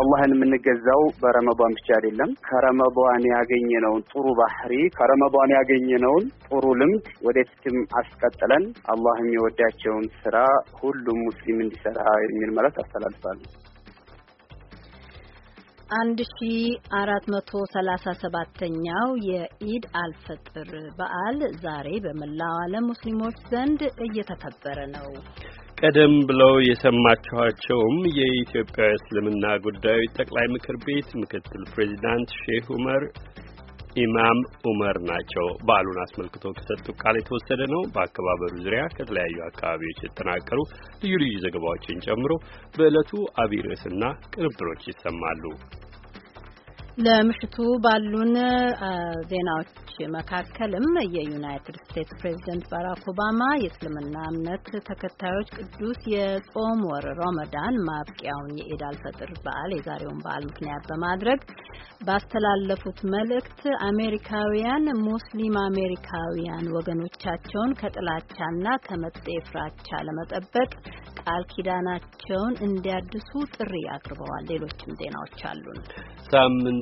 አላህን የምንገዛው በረመቧን ብቻ አይደለም። ከረመቧን ያገኘነውን ጥሩ ባህሪ፣ ከረመቧን ያገኘነውን ጥሩ ልምድ ወደፊትም አስቀጥለን አላህ የሚወዳቸውን ስራ ሁሉም ሙስሊም እንዲሰራ የሚል መልዕክት አስተላልፋለሁ። አንድ ሺ አራት መቶ ሰላሳ ሰባተኛው የኢድ አልፈጥር በዓል ዛሬ በመላው ዓለም ሙስሊሞች ዘንድ እየተከበረ ነው። ቀደም ብለው የሰማችኋቸውም የኢትዮጵያ እስልምና ጉዳዮች ጠቅላይ ምክር ቤት ምክትል ፕሬዚዳንት ሼህ ኡመር ኢማም ዑመር ናቸው። በዓሉን አስመልክቶ ከሰጡ ቃል የተወሰደ ነው። በአከባበሩ ዙሪያ ከተለያዩ አካባቢዎች የተጠናቀሩ ልዩ ልዩ ዘገባዎችን ጨምሮ በዕለቱ አቢርስና ርዕስና ቅንብሮች ይሰማሉ። ለምሽቱ ባሉን ዜናዎች መካከልም የዩናይትድ ስቴትስ ፕሬዝደንት ባራክ ኦባማ የእስልምና እምነት ተከታዮች ቅዱስ የጾም ወር ሮመዳን ማብቂያውን የኢድ አልፈጥር በዓል የዛሬውን በዓል ምክንያት በማድረግ ባስተላለፉት መልእክት አሜሪካውያን ሙስሊም አሜሪካውያን ወገኖቻቸውን ከጥላቻና ከመጤ ፍራቻ ለመጠበቅ ቃል ኪዳናቸውን እንዲያድሱ ጥሪ አቅርበዋል። ሌሎችም ዜናዎች አሉን።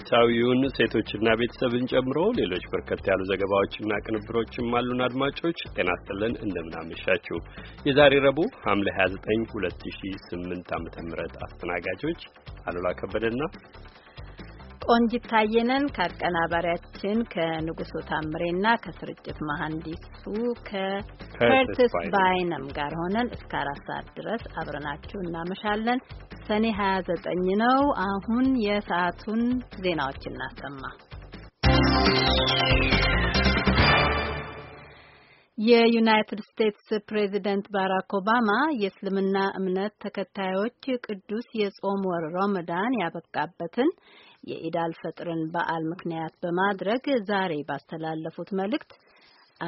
ሳይንሳዊውን ሴቶችና ቤተሰብን ጨምሮ ሌሎች በርከት ያሉ ዘገባዎችና ቅንብሮችም አሉን። አድማጮች ጤና ይስጥልን፣ እንደምናመሻችሁ። የዛሬ ረቡዕ ሐምሌ 29 2008 ም አስተናጋጆች አሉላ ከበደና ቆንጂት ታየነን ከአቀናባሪያችን ከንጉሱ ታምሬና ከስርጭት መሐንዲሱ ከከርትስ ባይነም ጋር ሆነን እስከ አራት ሰዓት ድረስ አብረናችሁ እናመሻለን። ሰኔ 29 ነው። አሁን የሰዓቱን ዜናዎች እናሰማ። የዩናይትድ ስቴትስ ፕሬዚደንት ባራክ ኦባማ የእስልምና እምነት ተከታዮች ቅዱስ የጾም ወር ረመዳን ያበቃበትን የኢዳል ፈጥርን በዓል ምክንያት በማድረግ ዛሬ ባስተላለፉት መልእክት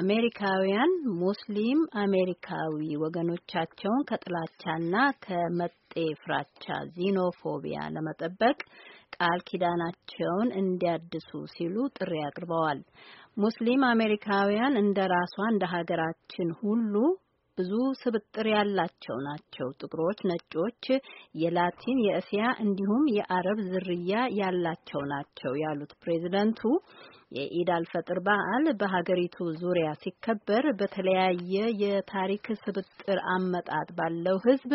አሜሪካውያን ሙስሊም አሜሪካዊ ወገኖቻቸውን ከጥላቻና ከመ ፍራቻ ዚኖፎቢያ ለመጠበቅ ቃል ኪዳናቸውን እንዲያድሱ ሲሉ ጥሪ አቅርበዋል። ሙስሊም አሜሪካውያን እንደ ራሷ እንደ ሀገራችን ሁሉ ብዙ ስብጥር ያላቸው ናቸው። ጥቁሮች፣ ነጮች፣ የላቲን፣ የእስያ እንዲሁም የአረብ ዝርያ ያላቸው ናቸው ያሉት ፕሬዝደንቱ የኢድ አልፈጥር በዓል በሀገሪቱ ዙሪያ ሲከበር በተለያየ የታሪክ ስብጥር አመጣጥ ባለው ሕዝብ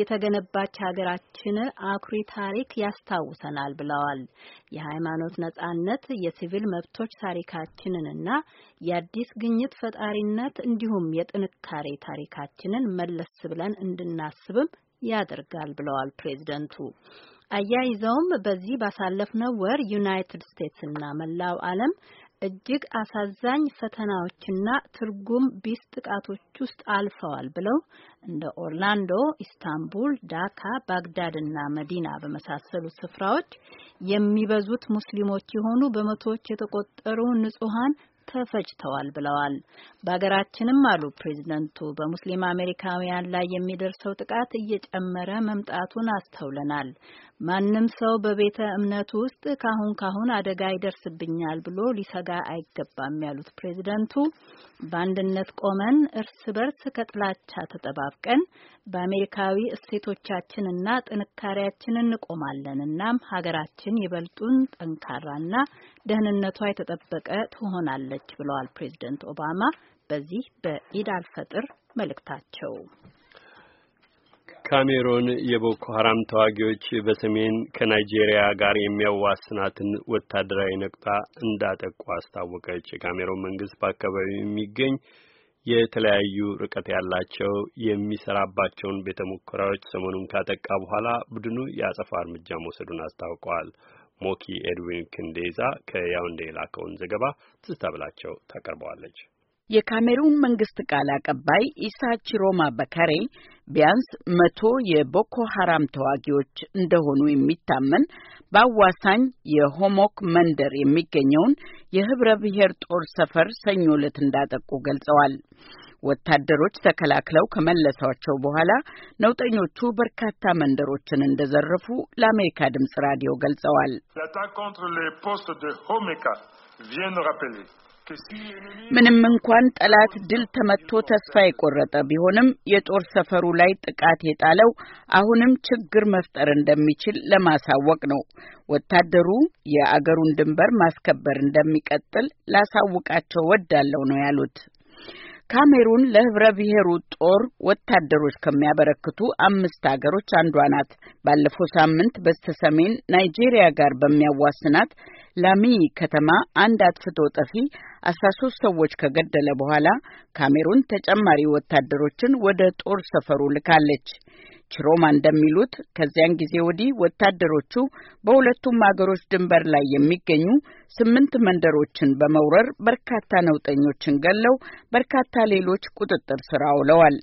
የተገነባች ሀገራችን አኩሪ ታሪክ ያስታውሰናል ብለዋል። የሃይማኖት ነጻነት፣ የሲቪል መብቶች ታሪካችንንና የአዲስ ግኝት ፈጣሪነት እንዲሁም የጥንካሬ ታሪካችንን መለስ ብለን እንድናስብም ያደርጋል ብለዋል ፕሬዝደንቱ። አያይዘውም በዚህ ባሳለፍነው ወር ዩናይትድ እና መላው ዓለም እጅግ አሳዛኝ ፈተናዎችና ትርጉም ቢስ ጥቃቶች ውስጥ አልፈዋል ብለው እንደ ኦርላንዶ፣ ኢስታንቡል፣ ዳካ፣ እና መዲና በመሳሰሉ ስፍራዎች የሚበዙት ሙስሊሞች የሆኑ በመቶዎች የተቆጠሩ ንጹሐን ተፈጭተዋል ብለዋል። በሀገራችንም አሉ ፕሬዚደንቱ በሙስሊም አሜሪካውያን ላይ የሚደርሰው ጥቃት እየጨመረ መምጣቱን አስተውለናል። ማንም ሰው በቤተ እምነቱ ውስጥ ካሁን ካሁን አደጋ ይደርስብኛል ብሎ ሊሰጋ አይገባም ያሉት ፕሬዚደንቱ በአንድነት ቆመን እርስ በርስ ከጥላቻ ተጠባብቀን በአሜሪካዊ እሴቶቻችንና ጥንካሬያችን እንቆማለን። እናም ሀገራችን ይበልጡን ጠንካራና ደህንነቷ የተጠበቀ ትሆናለች ትችላለች ብለዋል ፕሬዚደንት ኦባማ በዚህ በኢድ አልፈጥር መልእክታቸው። ካሜሮን የቦኮ ሀራም ተዋጊዎች በሰሜን ከናይጄሪያ ጋር የሚያዋስናትን ወታደራዊ ነቁጣ እንዳጠቁ አስታወቀች። የካሜሮን መንግስት በአካባቢው የሚገኝ የተለያዩ ርቀት ያላቸው የሚሰራባቸውን ቤተ ሙከራዎች ሰሞኑን ካጠቃ በኋላ ቡድኑ የአጸፋ እርምጃ መውሰዱን አስታውቀዋል። ሞኪ ኤድዊን ክንዴዛ ከያውንዴ የላከውን ዘገባ ትዝታ ብላቸው ታቀርበዋለች። የካሜሩን መንግስት ቃል አቀባይ ኢሳ ቺሮማ በከሬ ቢያንስ መቶ የቦኮ ሀራም ተዋጊዎች እንደሆኑ የሚታመን በአዋሳኝ የሆሞክ መንደር የሚገኘውን የህብረ ብሔር ጦር ሰፈር ሰኞ ዕለት እንዳጠቁ ገልጸዋል። ወታደሮች ተከላክለው ከመለሷቸው በኋላ ነውጠኞቹ በርካታ መንደሮችን እንደዘረፉ ለአሜሪካ ድምጽ ራዲዮ ገልጸዋል። ምንም እንኳን ጠላት ድል ተመቶ ተስፋ የቆረጠ ቢሆንም የጦር ሰፈሩ ላይ ጥቃት የጣለው አሁንም ችግር መፍጠር እንደሚችል ለማሳወቅ ነው። ወታደሩ የአገሩን ድንበር ማስከበር እንደሚቀጥል ላሳውቃቸው ወዳለው ነው ያሉት። ካሜሩን ለህብረ ብሔሩ ጦር ወታደሮች ከሚያበረክቱ አምስት ሀገሮች አንዷ ናት። ባለፈው ሳምንት በስተሰሜን ናይጄሪያ ጋር በሚያዋስናት ላሚ ከተማ አንድ አጥፍቶ ጠፊ አስራ ሶስት ሰዎች ከገደለ በኋላ ካሜሩን ተጨማሪ ወታደሮችን ወደ ጦር ሰፈሩ ልካለች። ችሮማ እንደሚሉት ከዚያን ጊዜ ወዲህ ወታደሮቹ በሁለቱም አገሮች ድንበር ላይ የሚገኙ ስምንት መንደሮችን በመውረር በርካታ ነውጠኞችን ገለው በርካታ ሌሎች ቁጥጥር ስራ አውለዋል።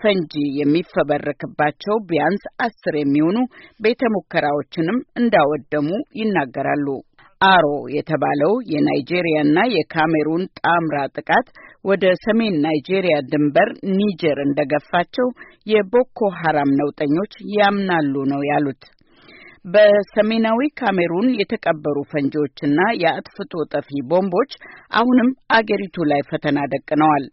ፈንጂ የሚፈበረክባቸው ቢያንስ አስር የሚሆኑ ቤተ ሙከራዎችንም እንዳወደሙ ይናገራሉ። አሮ የተባለው የናይጄሪያና የካሜሩን ጣምራ ጥቃት ወደ ሰሜን ናይጄሪያ ድንበር ኒጀር እንደገፋቸው የቦኮ ሀራም ነውጠኞች ያምናሉ ነው ያሉት። በሰሜናዊ ካሜሩን የተቀበሩ ፈንጂዎችና የአጥፍቶ ጠፊ ቦምቦች አሁንም አገሪቱ ላይ ፈተና ደቅነዋል።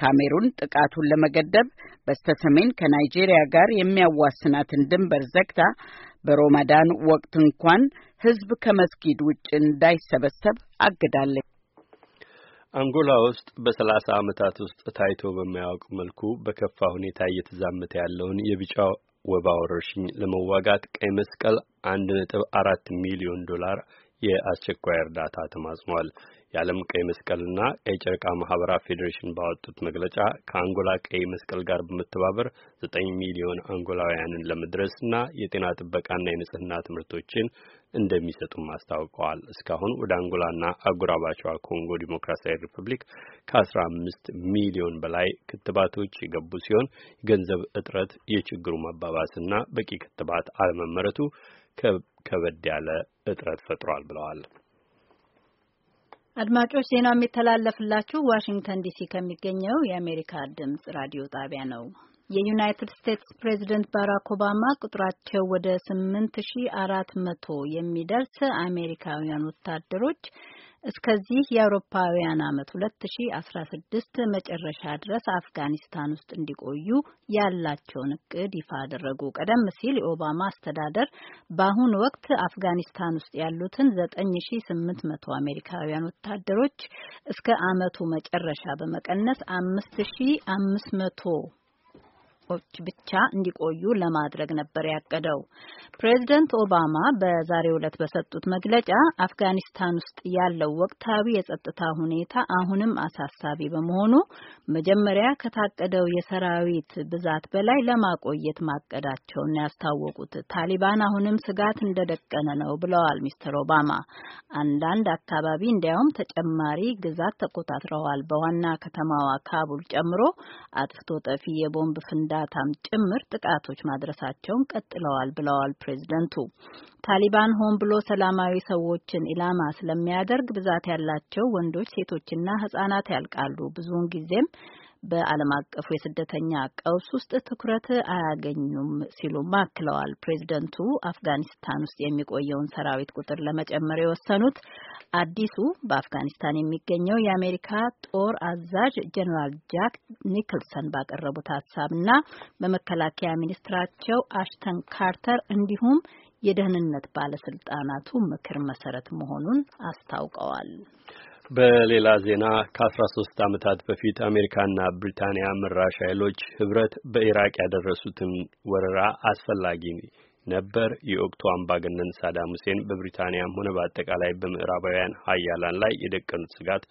ካሜሩን ጥቃቱን ለመገደብ በስተሰሜን ከናይጄሪያ ጋር የሚያዋስናትን ድንበር ዘግታ በሮማዳን ወቅት እንኳን ህዝብ ከመስጊድ ውጭ እንዳይሰበሰብ አግዳለች። አንጎላ ውስጥ በሰላሳ ዓመታት ውስጥ ታይቶ በማያውቅ መልኩ በከፋ ሁኔታ እየተዛመተ ያለውን የቢጫ ወባ ወረርሽኝ ለመዋጋት ቀይ መስቀል አንድ ነጥብ አራት ሚሊዮን ዶላር የአስቸኳይ እርዳታ ተማጽኗል። የዓለም ቀይ መስቀልና ቀይ ጨርቃ ማህበራት ፌዴሬሽን ባወጡት መግለጫ ከአንጎላ ቀይ መስቀል ጋር በመተባበር ዘጠኝ ሚሊዮን አንጎላውያንን ለመድረስና የጤና ጥበቃና የንጽህና ትምህርቶችን እንደሚሰጡም አስታውቀዋል። እስካሁን ወደ አንጎላና አጎራባቸዋ ኮንጎ ዲሞክራሲያዊ ሪፐብሊክ ከአስራ አምስት ሚሊዮን በላይ ክትባቶች የገቡ ሲሆን የገንዘብ እጥረት፣ የችግሩ መባባስና በቂ ክትባት አለመመረቱ ከበድ ያለ እጥረት ፈጥሯል ብለዋል። አድማጮች ዜናው የሚተላለፍላችሁ ዋሽንግተን ዲሲ ከሚገኘው የአሜሪካ ድምጽ ራዲዮ ጣቢያ ነው። የዩናይትድ ስቴትስ ፕሬዚደንት ባራክ ኦባማ ቁጥራቸው ወደ ስምንት ሺ አራት መቶ የሚደርስ አሜሪካውያን ወታደሮች እስከዚህ የአውሮፓውያን ዓመት 2016 መጨረሻ ድረስ አፍጋኒስታን ውስጥ እንዲቆዩ ያላቸውን እቅድ ይፋ አደረጉ። ቀደም ሲል የኦባማ አስተዳደር በአሁኑ ወቅት አፍጋኒስታን ውስጥ ያሉትን 9800 አሜሪካውያን ወታደሮች እስከ ዓመቱ መጨረሻ በመቀነስ 5500 ች ብቻ እንዲቆዩ ለማድረግ ነበር ያቀደው። ፕሬዝደንት ኦባማ በዛሬው ዕለት በሰጡት መግለጫ አፍጋኒስታን ውስጥ ያለው ወቅታዊ የጸጥታ ሁኔታ አሁንም አሳሳቢ በመሆኑ መጀመሪያ ከታቀደው የሰራዊት ብዛት በላይ ለማቆየት ማቀዳቸውን ያስታወቁት ታሊባን አሁንም ስጋት እንደደቀነ ነው ብለዋል ሚስተር ኦባማ። አንዳንድ አካባቢ እንዲያውም ተጨማሪ ግዛት ተቆጣጥረዋል። በዋና ከተማዋ ካቡል ጨምሮ አጥፍቶ ጠፊ የቦምብ ፍንዳ እርዳታም ጭምር ጥቃቶች ማድረሳቸውን ቀጥለዋል ብለዋል ፕሬዝደንቱ። ታሊባን ሆን ብሎ ሰላማዊ ሰዎችን ኢላማ ስለሚያደርግ ብዛት ያላቸው ወንዶች፣ ሴቶችና ህጻናት ያልቃሉ ብዙውን ጊዜም በዓለም አቀፉ የስደተኛ ቀውስ ውስጥ ትኩረት አያገኙም ሲሉም አክለዋል። ፕሬዚደንቱ አፍጋኒስታን ውስጥ የሚቆየውን ሰራዊት ቁጥር ለመጨመር የወሰኑት አዲሱ በአፍጋኒስታን የሚገኘው የአሜሪካ ጦር አዛዥ ጀኔራል ጃክ ኒክልሰን ባቀረቡት ሀሳብና በመከላከያ ሚኒስትራቸው አሽተን ካርተር እንዲሁም የደህንነት ባለስልጣናቱ ምክር መሰረት መሆኑን አስታውቀዋል። በሌላ ዜና ከ13 ዓመታት በፊት አሜሪካና ብሪታንያ መራሽ ኃይሎች ህብረት በኢራቅ ያደረሱትን ወረራ አስፈላጊ ነበር፣ የወቅቱ አምባገነን ሳዳም ሁሴን በብሪታንያም ሆነ በአጠቃላይ በምዕራባውያን ሀያላን ላይ የደቀኑት ስጋት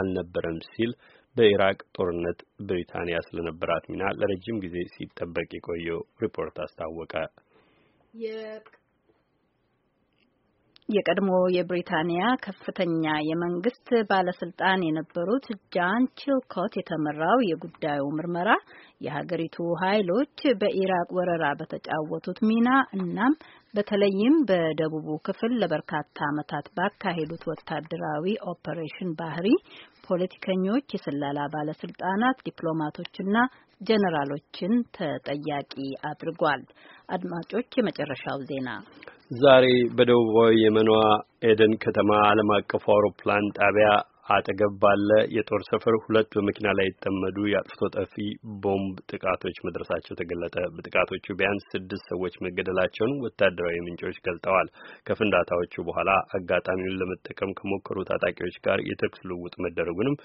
አልነበረም ሲል በኢራቅ ጦርነት ብሪታንያ ስለነበራት ሚና ለረጅም ጊዜ ሲጠበቅ የቆየው ሪፖርት አስታወቀ። የቀድሞ የብሪታንያ ከፍተኛ የመንግስት ባለስልጣን የነበሩት ጃን ቺልኮት የተመራው የጉዳዩ ምርመራ የሀገሪቱ ኃይሎች በኢራቅ ወረራ በተጫወቱት ሚና እናም በተለይም በደቡቡ ክፍል ለበርካታ ዓመታት ባካሄዱት ወታደራዊ ኦፐሬሽን ባህሪ ፖለቲከኞች፣ የስለላ ባለስልጣናት፣ ዲፕሎማቶችና ጀነራሎችን ተጠያቂ አድርጓል። አድማጮች፣ የመጨረሻው ዜና ዛሬ በደቡባዊ የመኗ ኤደን ከተማ ዓለም አቀፉ አውሮፕላን ጣቢያ አጠገብ ባለ የጦር ሰፈር ሁለት በመኪና ላይ የተጠመዱ የአጥፍቶ ጠፊ ቦምብ ጥቃቶች መድረሳቸው ተገለጠ። በጥቃቶቹ ቢያንስ ስድስት ሰዎች መገደላቸውን ወታደራዊ ምንጮች ገልጠዋል። ከፍንዳታዎቹ በኋላ አጋጣሚውን ለመጠቀም ከሞከሩ ታጣቂዎች ጋር የተኩስ ልውውጥ መደረጉንም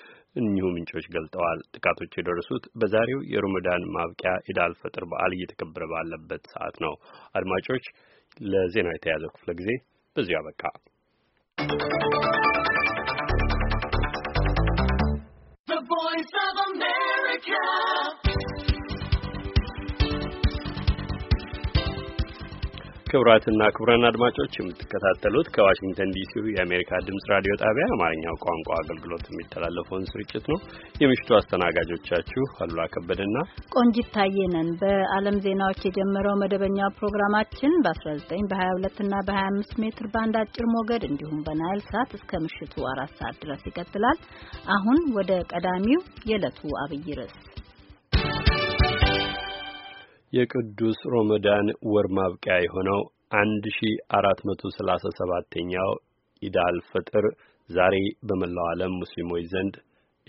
እኚሁ ምንጮች ገልጠዋል። ጥቃቶቹ የደረሱት በዛሬው የሮመዳን ማብቂያ ኢዳል ፈጥር በዓል እየተከበረ ባለበት ሰዓት ነው። አድማጮች፣ ለዜናው የተያዘው ክፍለ ጊዜ በዚሁ አበቃ። Come. ክቡራትና ክቡራን አድማጮች የምትከታተሉት ከዋሽንግተን ዲሲ የአሜሪካ ድምፅ ራዲዮ ጣቢያ አማርኛው ቋንቋ አገልግሎት የሚተላለፈውን ስርጭት ነው። የምሽቱ አስተናጋጆቻችሁ አሉላ ከበደና ቆንጂት ታየነን። በዓለም ዜናዎች የጀመረው መደበኛ ፕሮግራማችን በ19 በ22ና በ25 ሜትር ባንድ አጭር ሞገድ እንዲሁም በናይል ሳት እስከ ምሽቱ አራት ሰዓት ድረስ ይቀጥላል። አሁን ወደ ቀዳሚው የዕለቱ አብይ ርዕስ የቅዱስ ሮመዳን ወር ማብቂያ የሆነው 1437ኛው ኢዳል ፍጥር ዛሬ በመላው ዓለም ሙስሊሞች ዘንድ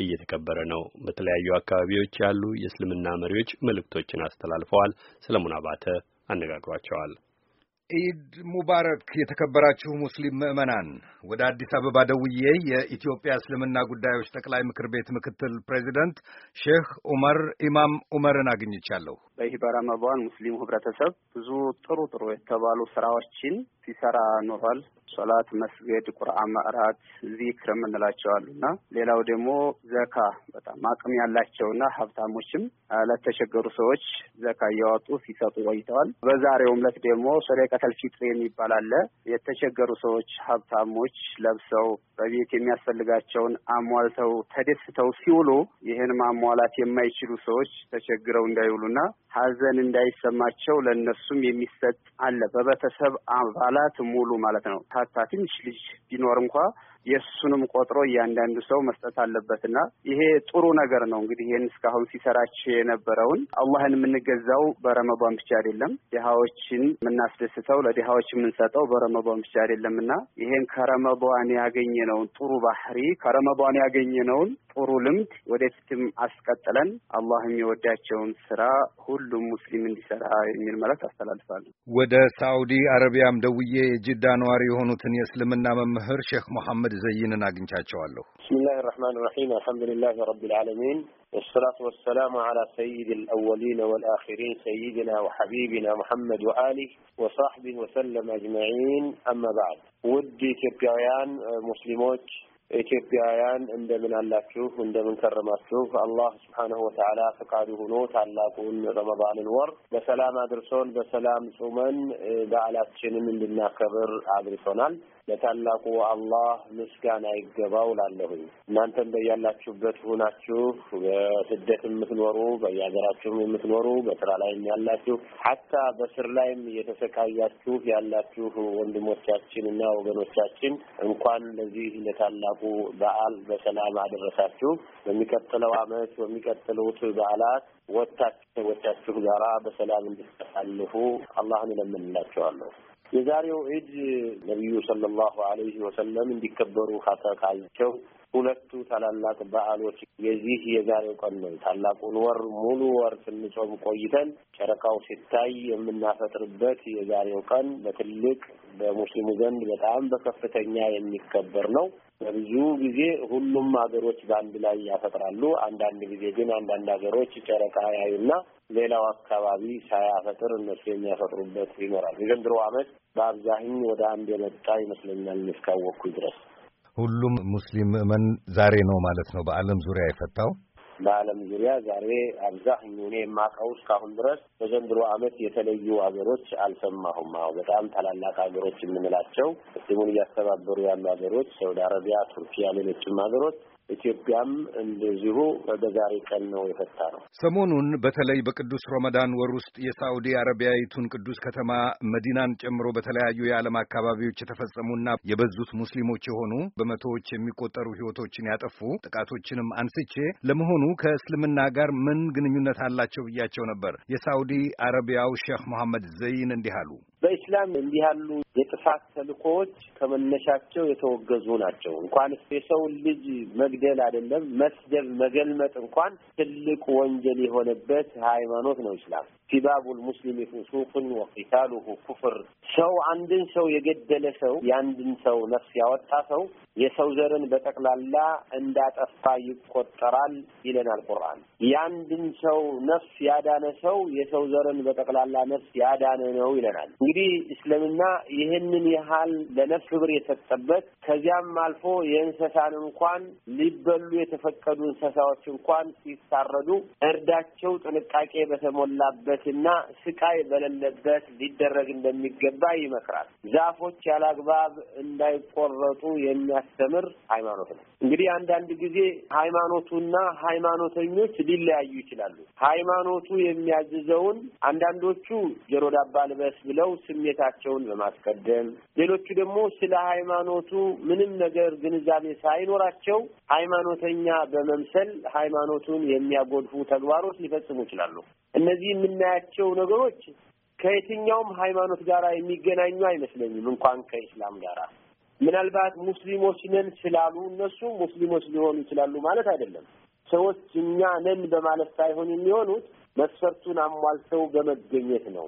እየተከበረ ነው። በተለያዩ አካባቢዎች ያሉ የእስልምና መሪዎች መልእክቶችን አስተላልፈዋል። ሰለሞን አባተ አነጋግሯቸዋል። ኢድ ሙባረክ የተከበራችሁ ሙስሊም ምዕመናን። ወደ አዲስ አበባ ደውዬ የኢትዮጵያ እስልምና ጉዳዮች ጠቅላይ ምክር ቤት ምክትል ፕሬዚደንት ሼህ ኡመር ኢማም ዑመርን አግኝቻለሁ። በይህ በረመዷን ሙስሊሙ ህብረተሰብ ብዙ ጥሩ ጥሩ የተባሉ ስራዎችን ሲሰራ ኖሯል። ሶላት፣ መስገድ፣ ቁርአን መቅራት፣ ዚክር የምንላቸው አሉና ሌላው ደግሞ ዘካ በጣም አቅም ያላቸውና ሀብታሞችም ለተቸገሩ ሰዎች ዘካ እያወጡ ሲሰጡ ቆይተዋል። በዛሬው ዕለት ደግሞ ሰደቀተል ፊጥር የሚባል አለ። የተቸገሩ ሰዎች ሀብታሞች ለብሰው በቤት የሚያስፈልጋቸውን አሟልተው ተደስተው ሲውሉ ይህን ማሟላት የማይችሉ ሰዎች ተቸግረው እንዳይውሉና ሀዘን እንዳይሰማቸው ለእነሱም የሚሰጥ አለ በቤተሰብ አባ በዓላት ሙሉ ማለት ነው። ታታ ትንሽ ልጅ ቢኖር እንኳ የእሱንም ቆጥሮ እያንዳንዱ ሰው መስጠት አለበትና ይሄ ጥሩ ነገር ነው። እንግዲህ ይህን እስካሁን ሲሰራች የነበረውን አላህን የምንገዛው በረመቧን ብቻ አይደለም። ድሃዎችን የምናስደስተው ለድሃዎች የምንሰጠው በረመቧን ብቻ አይደለም እና ይሄን ከረመቧን ያገኘነውን ጥሩ ባህሪ ከረመቧን ያገኘነውን ጥሩ ልምድ ወደፊትም አስቀጥለን አላህ የሚወዳቸውን ስራ ሁሉም ሙስሊም እንዲሰራ የሚል መልዕክት አስተላልፋለሁ። ወደ ሳዑዲ አረቢያም ደውዬ የጅዳ ነዋሪ የሆኑትን የእስልምና መምህር ሼክ መሐመድ መሐመድ ዘይንን አግኝቻቸዋለሁ። ብስሚላህ ራሕማን ራሒም አልሐምዱሊላህ ረቢልዓለሚን ወሰላቱ ወሰላሙ ዓላ ሰይድ ልአወሊን ወልአኪሪን ሰይድና ወሐቢቢና ሙሐመድ ወአሊህ ወሳሕቢህ ወሰለም አጅማዒን አማ በዕድ ውድ ኢትዮጵያውያን ሙስሊሞች ኢትዮጵያውያን እንደምን አላችሁ? እንደምን ከረማችሁ? አላህ ስብሓነሁ ወተዓላ ፈቃዱ ሆኖ ታላቁን ረመዳንን ወር በሰላም አድርሶን በሰላም ጾመን በዓላችንን እንድናከብር አድርሶናል። ለታላቁ አላህ ምስጋና ይገባው ላለሁኝ። እናንተም በያላችሁበት ሁናችሁ በስደት የምትኖሩ በየሀገራችሁም የምትኖሩ በስራ ላይም ያላችሁ ሀታ በስር ላይም እየተሰቃያችሁ ያላችሁ ወንድሞቻችን እና ወገኖቻችን እንኳን ለዚህ ለታላቁ በዓል በሰላም አደረሳችሁ። በሚቀጥለው አመት በሚቀጥሉት በዓላት ወጥታችሁ ሰዎቻችሁ ጋራ በሰላም እንድታሳልፉ አላህን እለምንላችኋለሁ። የዛሬው ዒድ ነቢዩ ሰለላሁ አለይህ ወሰለም እንዲከበሩ ካተካቸው ሁለቱ ታላላቅ በዓሎች የዚህ የዛሬው ቀን ነው። ታላቁን ወር ሙሉ ወር ስንጾም ቆይተን ጨረቃው ሲታይ የምናፈጥርበት የዛሬው ቀን በትልቅ በሙስሊሙ ዘንድ በጣም በከፍተኛ የሚከበር ነው። በብዙ ጊዜ ሁሉም ሀገሮች በአንድ ላይ ያፈጥራሉ። አንዳንድ ጊዜ ግን አንዳንድ ሀገሮች ጨረቃ ያዩና ሌላው አካባቢ ሳያፈጥር እነሱ የሚያፈጥሩበት ይኖራል። የዘንድሮ ዓመት በአብዛኝ ወደ አንድ የመጣ ይመስለኛል እስካወቅኩኝ ድረስ። ሁሉም ሙስሊም ምዕመን ዛሬ ነው ማለት ነው በዓለም ዙሪያ የፈታው በዓለም ዙሪያ ዛሬ አብዛኝ እኔ የማውቀው እስካሁን ድረስ በዘንድሮ ዓመት የተለዩ ሀገሮች አልሰማሁም። አዎ በጣም ታላላቅ ሀገሮች የምንላቸው ሙስሊሙን እያስተባበሩ ያሉ ሀገሮች ሳውዲ አረቢያ፣ ቱርኪያ፣ ሌሎችም ሀገሮች ኢትዮጵያም እንደዚሁ በዛሬ ቀን ነው የፈታ ነው። ሰሞኑን በተለይ በቅዱስ ረመዳን ወር ውስጥ የሳዑዲ አረቢያዊቱን ቅዱስ ከተማ መዲናን ጨምሮ በተለያዩ የዓለም አካባቢዎች የተፈጸሙና የበዙት ሙስሊሞች የሆኑ በመቶዎች የሚቆጠሩ ሕይወቶችን ያጠፉ ጥቃቶችንም አንስቼ ለመሆኑ ከእስልምና ጋር ምን ግንኙነት አላቸው ብያቸው ነበር። የሳዑዲ አረቢያው ሼህ መሐመድ ዘይን እንዲህ አሉ። በኢስላም እንዲህ ያሉ የጥፋት ተልኮዎች ከመነሻቸው የተወገዙ ናቸው። እንኳን የሰውን ልጅ መግደል አይደለም መስደብ፣ መገልመጥ እንኳን ትልቅ ወንጀል የሆነበት ሃይማኖት ነው ኢስላም። ሲባቡል ሙስሊም ፍሱቅን ወቂታሉሁ ኩፍር። ሰው አንድን ሰው የገደለ ሰው የአንድን ሰው ነፍስ ያወጣ ሰው የሰው ዘርን በጠቅላላ እንዳጠፋ ይቆጠራል ይለናል ቁርአን። የአንድን ሰው ነፍስ ያዳነ ሰው የሰው ዘርን በጠቅላላ ነፍስ ያዳነ ነው ይለናል። እንግዲህ እስልምና ይህንን ያህል ለነፍስ ክብር የሰጠበት ከዚያም አልፎ የእንስሳን እንኳን ሊበሉ የተፈቀዱ እንስሳዎች እንኳን ሲታረዱ እርዳቸው ጥንቃቄ በተሞላበትና ስቃይ በሌለበት ሊደረግ እንደሚገባ ይመክራል። ዛፎች ያላግባብ እንዳይቆረጡ የሚያስተምር ሃይማኖት ነው። እንግዲህ አንዳንድ ጊዜ ሃይማኖቱና ሃይማኖተኞች ሊለያዩ ይችላሉ። ሃይማኖቱ የሚያዝዘውን አንዳንዶቹ ጆሮ ዳባ ልበስ ብለው ስሜ እምነታቸውን በማስቀደም ሌሎቹ ደግሞ ስለ ሃይማኖቱ ምንም ነገር ግንዛቤ ሳይኖራቸው ሃይማኖተኛ በመምሰል ሃይማኖቱን የሚያጎድፉ ተግባሮች ሊፈጽሙ ይችላሉ። እነዚህ የምናያቸው ነገሮች ከየትኛውም ሃይማኖት ጋር የሚገናኙ አይመስለኝም፣ እንኳን ከኢስላም ጋር። ምናልባት ሙስሊሞች ነን ስላሉ እነሱ ሙስሊሞች ሊሆኑ ይችላሉ ማለት አይደለም። ሰዎች እኛ ነን በማለት ሳይሆን የሚሆኑት መስፈርቱን አሟልተው በመገኘት ነው።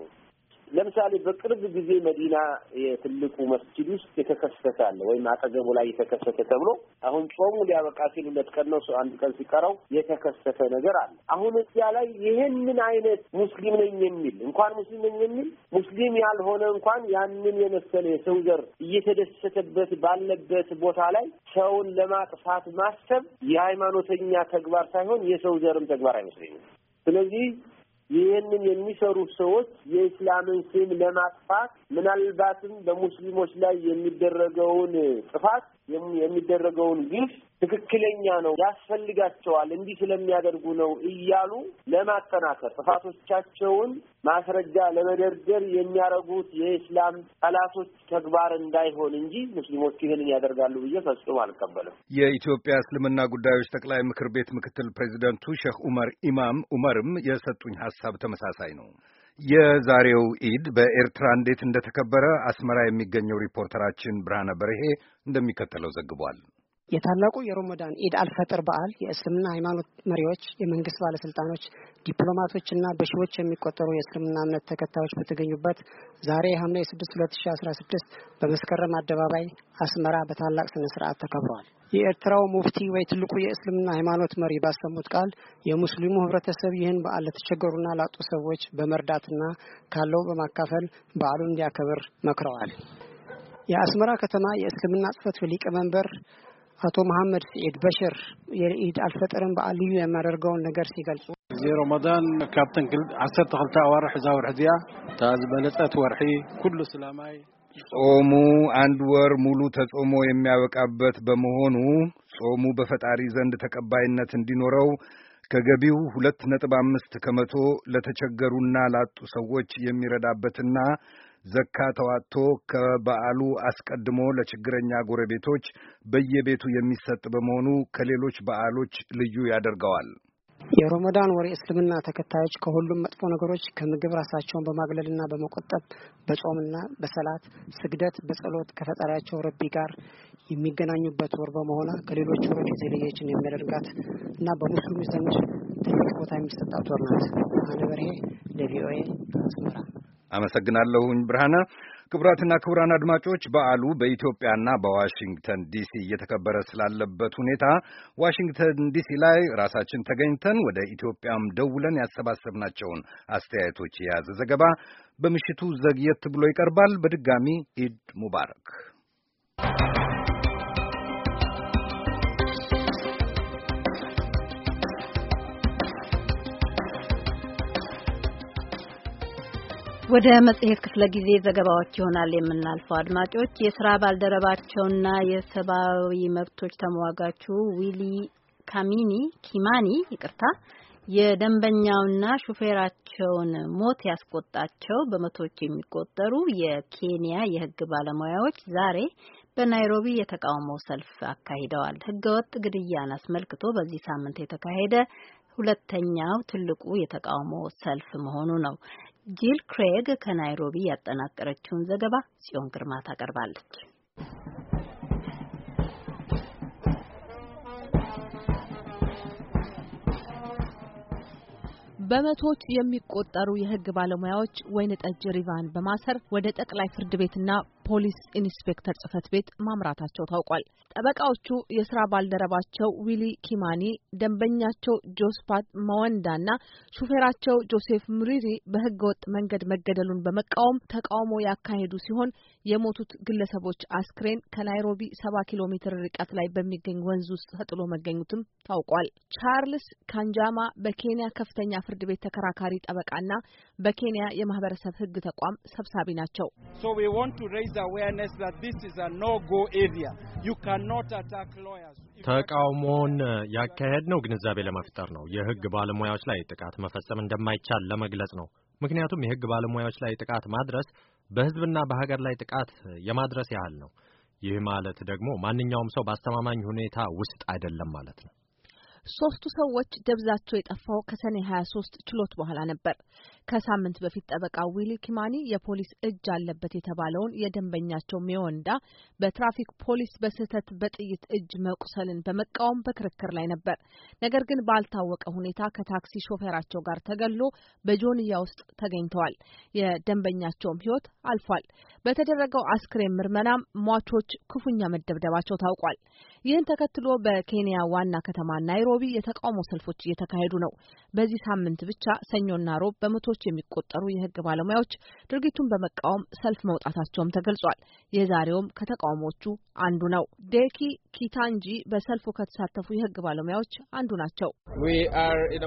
ለምሳሌ በቅርብ ጊዜ መዲና የትልቁ መስጂድ ውስጥ የተከሰተ አለ ወይም አጠገቡ ላይ የተከሰተ ተብሎ አሁን ጾሙ ሊያበቃ ሲል ሁለት ቀን ነው አንድ ቀን ሲቀረው የተከሰተ ነገር አለ። አሁን እዚያ ላይ ይህንን አይነት ሙስሊም ነኝ የሚል እንኳን ሙስሊም ነኝ የሚል ሙስሊም ያልሆነ እንኳን ያንን የመሰለ የሰው ዘር እየተደሰተበት ባለበት ቦታ ላይ ሰውን ለማጥፋት ማሰብ የሃይማኖተኛ ተግባር ሳይሆን የሰው ዘርም ተግባር አይመስለኝም። ስለዚህ ይህንን የሚሰሩ ሰዎች የኢስላምን ስም ለማጥፋት ምናልባትም በሙስሊሞች ላይ የሚደረገውን ጥፋት የሚደረገውን ግፍ ትክክለኛ ነው፣ ያስፈልጋቸዋል፣ እንዲህ ስለሚያደርጉ ነው እያሉ ለማጠናከር ጥፋቶቻቸውን ማስረጃ ለመደርደር የሚያደርጉት የእስላም ጠላቶች ተግባር እንዳይሆን እንጂ ሙስሊሞች ይህንን ያደርጋሉ ብዬ ፈጽሞ አልቀበልም። የኢትዮጵያ እስልምና ጉዳዮች ጠቅላይ ምክር ቤት ምክትል ፕሬዚደንቱ ሼክ ኡመር ኢማም ኡመርም የሰጡኝ ሀሳብ ተመሳሳይ ነው። የዛሬው ኢድ በኤርትራ እንዴት እንደተከበረ አስመራ የሚገኘው ሪፖርተራችን ብርሃነ በርሄ እንደሚከተለው ዘግቧል። የታላቁ የሮመዳን ኢድ አልፈጥር በዓል የእስልምና ሃይማኖት መሪዎች፣ የመንግስት ባለስልጣኖች፣ እና በሺዎች የሚቆጠሩ የእስልምና እምነት ተከታዮች በተገኙበት ዛሬ ሐምሌ 6 2016 በመስከረም አደባባይ አስመራ በታላቅ ስነ ስርዓት ተከብሯል። የኤርትራው ሙፍቲ ወይ ትልቁ የእስልምና ሃይማኖት መሪ ባሰሙት ቃል የሙስሊሙ ህብረተሰብ ይህን በዓል ለተቸገሩና ላጡ ሰዎች በመርዳትና ካለው በማካፈል በዓሉን እንዲያከብር መክረዋል። የአስመራ ከተማ የእስልምና ጽፈት ሊቀመንበር አቶ መሐመድ ሲኤድ በሽር የኢድ አልፈጥርን በዓል ልዩ የሚያደርገውን ነገር ሲገልጹ እዚ ረመዳን ካብተን ዓሰርተ ክልተ ኣዋርሕ እዛ ወርሒ እዚኣ እታ ዝበለፀት ወርሒ ኩሉ ስላማይ ጾሙ አንድ ወር ሙሉ ተጾሞ የሚያበቃበት በመሆኑ ጾሙ በፈጣሪ ዘንድ ተቀባይነት እንዲኖረው ከገቢው ሁለት ነጥብ አምስት ከመቶ ለተቸገሩና ላጡ ሰዎች የሚረዳበትና ዘካ ተዋጥቶ ከበዓሉ አስቀድሞ ለችግረኛ ጎረቤቶች በየቤቱ የሚሰጥ በመሆኑ ከሌሎች በዓሎች ልዩ ያደርገዋል። የሮመዳን ወር እስልምና ተከታዮች ከሁሉም መጥፎ ነገሮች ከምግብ ራሳቸውን በማግለልና በመቆጠብ በጾምና በሰላት ስግደት፣ በጸሎት ከፈጣሪያቸው ረቢ ጋር የሚገናኙበት ወር በመሆኗ ከሌሎች ወሮች የተለየችን የሚያደርጋት እና በሙስሊሙ ዘንድ ትልቅ ቦታ የሚሰጣት ወር ናት። ለቪኦኤ አስመራ አመሰግናለሁኝ ብርሃነ። ክቡራትና ክቡራን አድማጮች በዓሉ በኢትዮጵያና በዋሽንግተን ዲሲ እየተከበረ ስላለበት ሁኔታ ዋሽንግተን ዲሲ ላይ ራሳችን ተገኝተን ወደ ኢትዮጵያም ደውለን ያሰባሰብናቸውን አስተያየቶች የያዘ ዘገባ በምሽቱ ዘግየት ብሎ ይቀርባል። በድጋሚ ኢድ ሙባረክ። ወደ መጽሔት ክፍለ ጊዜ ዘገባዎች ይሆናል የምናልፈው። አድማጮች የስራ ባልደረባቸውና የሰብአዊ መብቶች ተሟጋቹ ዊሊ ካሚኒ ኪማኒ ይቅርታ የደንበኛውና ሹፌራቸውን ሞት ያስቆጣቸው በመቶዎች የሚቆጠሩ የኬንያ የሕግ ባለሙያዎች ዛሬ በናይሮቢ የተቃውሞ ሰልፍ አካሂደዋል። ሕገወጥ ግድያን አስመልክቶ በዚህ ሳምንት የተካሄደ ሁለተኛው ትልቁ የተቃውሞ ሰልፍ መሆኑ ነው። ጂል ክሬግ ከናይሮቢ ያጠናቀረችውን ዘገባ ጽዮን ግርማ ታቀርባለች። በመቶዎች የሚቆጠሩ የሕግ ባለሙያዎች ወይን ጠጅ ሪቫን በማሰር ወደ ጠቅላይ ፍርድ ቤትና ፖሊስ ኢንስፔክተር ጽህፈት ቤት ማምራታቸው ታውቋል። ጠበቃዎቹ የስራ ባልደረባቸው ዊሊ ኪማኒ፣ ደንበኛቸው ጆስፓት መወንዳ እና ሹፌራቸው ጆሴፍ ሙሪሪ ወጥ መንገድ መገደሉን በመቃወም ተቃውሞ ያካሄዱ ሲሆን የሞቱት ግለሰቦች አስክሬን ከናይሮቢ ሰባ ኪሎ ሜትር ርቀት ላይ በሚገኝ ወንዝ ውስጥ ተጥሎ መገኙትም ታውቋል። ቻርልስ ካንጃማ በኬንያ ከፍተኛ ፍርድ ቤት ተከራካሪ ጠበቃና በኬንያ የማህበረሰብ ህግ ተቋም ሰብሳቢ ናቸው። ተቃውሞውን ያካሄድነው ግንዛቤ ለመፍጠር ነው። የህግ ባለሙያዎች ላይ ጥቃት መፈጸም እንደማይቻል ለመግለጽ ነው። ምክንያቱም የህግ ባለሙያዎች ላይ ጥቃት ማድረስ በህዝብና በሀገር ላይ ጥቃት የማድረስ ያህል ነው። ይህ ማለት ደግሞ ማንኛውም ሰው በአስተማማኝ ሁኔታ ውስጥ አይደለም ማለት ነው። ሶስቱ ሰዎች ደብዛቸው የጠፋው ከሰኔ 23 ችሎት በኋላ ነበር። ከሳምንት በፊት ጠበቃ ዊሊ ኪማኒ የፖሊስ እጅ አለበት የተባለውን የደንበኛቸው ሚዮንዳ በትራፊክ ፖሊስ በስህተት በጥይት እጅ መቁሰልን በመቃወም በክርክር ላይ ነበር። ነገር ግን ባልታወቀ ሁኔታ ከታክሲ ሾፌራቸው ጋር ተገሎ በጆንያ ውስጥ ተገኝተዋል። የደንበኛቸውም ሕይወት አልፏል። በተደረገው አስክሬን ምርመናም ሟቾች ክፉኛ መደብደባቸው ታውቋል። ይህን ተከትሎ በኬንያ ዋና ከተማ ናይሮቢ የተቃውሞ ሰልፎች እየተካሄዱ ነው። በዚህ ሳምንት ብቻ ሰኞና ሮብ በመቶዎች የሚቆጠሩ የህግ ባለሙያዎች ድርጊቱን በመቃወም ሰልፍ መውጣታቸውም ተገልጿል። የዛሬውም ከተቃውሞዎቹ አንዱ ነው። ዴኪ ኪታንጂ በሰልፉ ከተሳተፉ የህግ ባለሙያዎች አንዱ ናቸው። uh,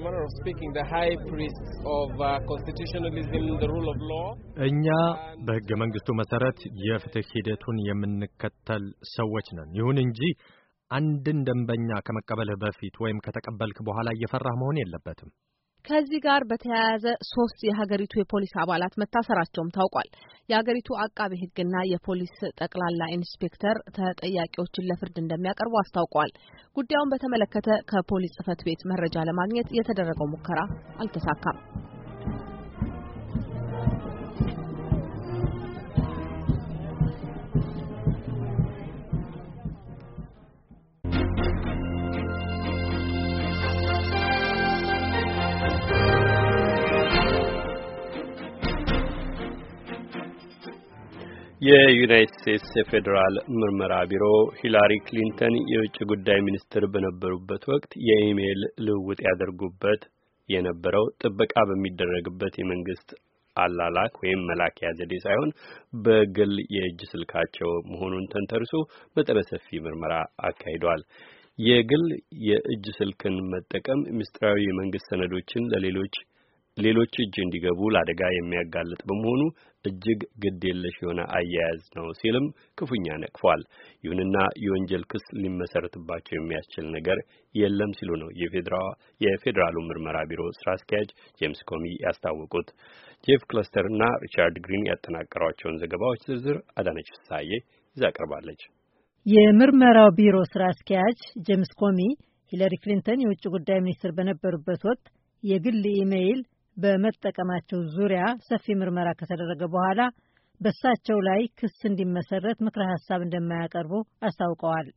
እኛ በህገ መንግስቱ መሰረት የፍትህ ሂደቱን የምንከተል ሰዎች ነን። ይሁን እንጂ አንድን ደንበኛ ከመቀበልህ በፊት ወይም ከተቀበልክ በኋላ እየፈራህ መሆን የለበትም። ከዚህ ጋር በተያያዘ ሶስት የሀገሪቱ የፖሊስ አባላት መታሰራቸውም ታውቋል። የሀገሪቱ አቃቤ ሕግና የፖሊስ ጠቅላላ ኢንስፔክተር ተጠያቂዎችን ለፍርድ እንደሚያቀርቡ አስታውቀዋል። ጉዳዩን በተመለከተ ከፖሊስ ጽፈት ቤት መረጃ ለማግኘት የተደረገው ሙከራ አልተሳካም። የዩናይትድ ስቴትስ የፌዴራል ምርመራ ቢሮ ሂላሪ ክሊንተን የውጭ ጉዳይ ሚኒስትር በነበሩበት ወቅት የኢሜይል ልውውጥ ያደርጉበት የነበረው ጥበቃ በሚደረግበት የመንግስት አላላክ ወይም መላኪያ ዘዴ ሳይሆን በግል የእጅ ስልካቸው መሆኑን ተንተርሶ መጠነ ሰፊ ምርመራ አካሂዷል። የግል የእጅ ስልክን መጠቀም ምስጢራዊ የመንግስት ሰነዶችን ለሌሎች ሌሎች እጅ እንዲገቡ ለአደጋ የሚያጋልጥ በመሆኑ እጅግ ግድ የለሽ የሆነ አያያዝ ነው ሲልም ክፉኛ ነቅፏል። ይሁንና የወንጀል ክስ ሊመሰረትባቸው የሚያስችል ነገር የለም ሲሉ ነው የፌዴራሉ ምርመራ ቢሮ ስራ አስኪያጅ ጄምስ ኮሚ ያስታወቁት። ጄፍ ክለስተር እና ሪቻርድ ግሪን ያጠናቀሯቸውን ዘገባዎች ዝርዝር አዳነች ፍሳዬ ይዛ ቀርባለች። የምርመራው ቢሮ ስራ አስኪያጅ ጄምስ ኮሚ ሂለሪ ክሊንተን የውጭ ጉዳይ ሚኒስትር በነበሩበት ወቅት የግል ኢሜይል በመጠቀማቸው ዙሪያ ሰፊ ምርመራ ከተደረገ በኋላ በእሳቸው ላይ ክስ እንዲመሰረት ምክረ ሀሳብ እንደማያቀርቡ አስታውቀዋል።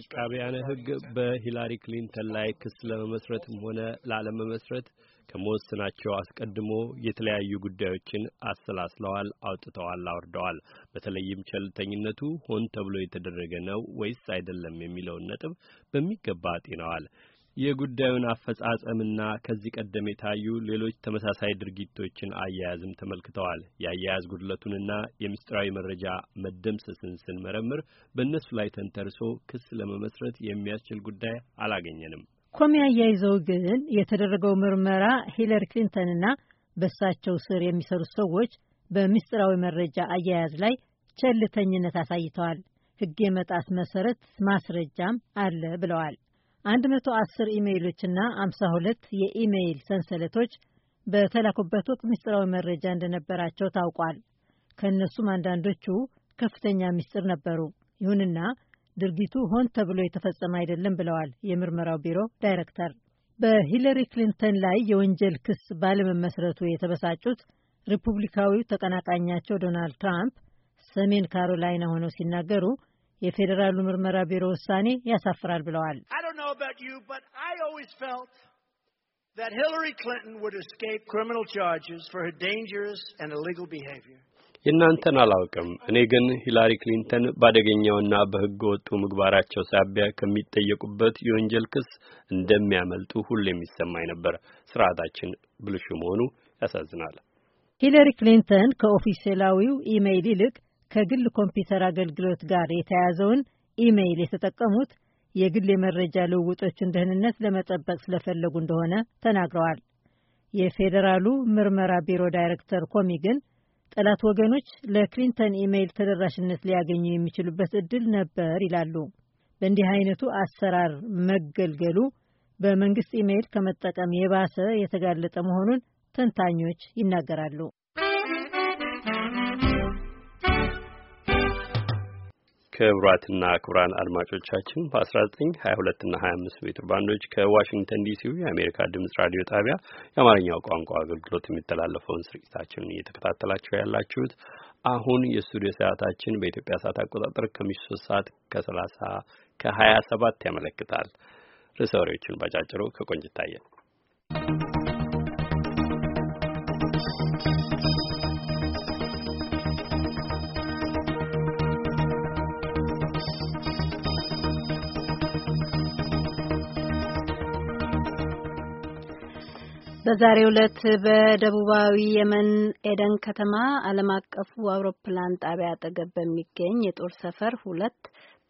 አቃቢያነ ሕግ በሂላሪ ክሊንተን ላይ ክስ ለመመስረትም ሆነ ላለመመስረት ከመወሰናቸው አስቀድሞ የተለያዩ ጉዳዮችን አሰላስለዋል፣ አውጥተዋል፣ አውርደዋል። በተለይም ቸልተኝነቱ ሆን ተብሎ የተደረገ ነው ወይስ አይደለም የሚለውን ነጥብ በሚገባ አጢነዋል። የጉዳዩን አፈጻጸምና ከዚህ ቀደም የታዩ ሌሎች ተመሳሳይ ድርጊቶችን አያያዝም ተመልክተዋል። የአያያዝ ጉድለቱንና የምስጢራዊ መረጃ መደምሰስን ስንመረምር በእነሱ ላይ ተንተርሶ ክስ ለመመስረት የሚያስችል ጉዳይ አላገኘንም። ኮሚ አያይዘው ግን የተደረገው ምርመራ ሂለሪ ክሊንተንና በሳቸው ስር የሚሰሩት ሰዎች በምስጢራዊ መረጃ አያያዝ ላይ ቸልተኝነት አሳይተዋል፣ ሕግ የመጣስ መሰረት ማስረጃም አለ ብለዋል። 110 ኢሜይሎችና 52 የኢሜይል ሰንሰለቶች በተላኩበት ወቅት ምስጢራዊ መረጃ እንደነበራቸው ታውቋል። ከእነሱም አንዳንዶቹ ከፍተኛ ምስጢር ነበሩ። ይሁንና ድርጊቱ ሆን ተብሎ የተፈጸመ አይደለም ብለዋል የምርመራው ቢሮ ዳይሬክተር። በሂለሪ ክሊንተን ላይ የወንጀል ክስ ባለመመስረቱ የተበሳጩት ሪፑብሊካዊው ተቀናቃኛቸው ዶናልድ ትራምፕ ሰሜን ካሮላይና ሆነው ሲናገሩ የፌዴራሉ ምርመራ ቢሮ ውሳኔ ያሳፍራል ብለዋል። that Hillary Clinton would escape criminal charges for her dangerous and illegal behavior. የእናንተን አላውቅም። እኔ ግን ሂላሪ ክሊንተን በአደገኛውና በሕገ ወጡ ምግባራቸው ሳቢያ ከሚጠየቁበት የወንጀል ክስ እንደሚያመልጡ ሁሉ የሚሰማኝ ነበር። ስርዓታችን ብልሹ መሆኑ ያሳዝናል። ሂለሪ ክሊንተን ከኦፊሴላዊው ኢሜይል ይልቅ ከግል ኮምፒውተር አገልግሎት ጋር የተያያዘውን ኢሜይል የተጠቀሙት የግል የመረጃ ልውውጦችን ደህንነት ለመጠበቅ ስለፈለጉ እንደሆነ ተናግረዋል። የፌዴራሉ ምርመራ ቢሮ ዳይሬክተር ኮሚ ግን ጠላት ወገኖች ለክሊንተን ኢሜይል ተደራሽነት ሊያገኙ የሚችሉበት እድል ነበር ይላሉ። በእንዲህ አይነቱ አሰራር መገልገሉ በመንግስት ኢሜይል ከመጠቀም የባሰ የተጋለጠ መሆኑን ተንታኞች ይናገራሉ። ክቡራትና ክቡራን አድማጮቻችን በ1922 እና 25 ሜትር ባንዶች ከዋሽንግተን ዲሲው የአሜሪካ ድምፅ ራዲዮ ጣቢያ የአማርኛው ቋንቋ አገልግሎት የሚተላለፈውን ስርጭታችንን እየተከታተላችሁ ያላችሁት አሁን የስቱዲዮ ሰዓታችን በኢትዮጵያ ሰዓት አቆጣጠር ከምሽቱ 3 ሰዓት ከ30 ከ27 ያመለክታል። ርዕሰ ወሬዎቹን ባጫጭሩ ከቆንጅታየ በዛሬ ዕለት በደቡባዊ የመን ኤደን ከተማ ዓለም አቀፉ አውሮፕላን ጣቢያ አጠገብ በሚገኝ የጦር ሰፈር ሁለት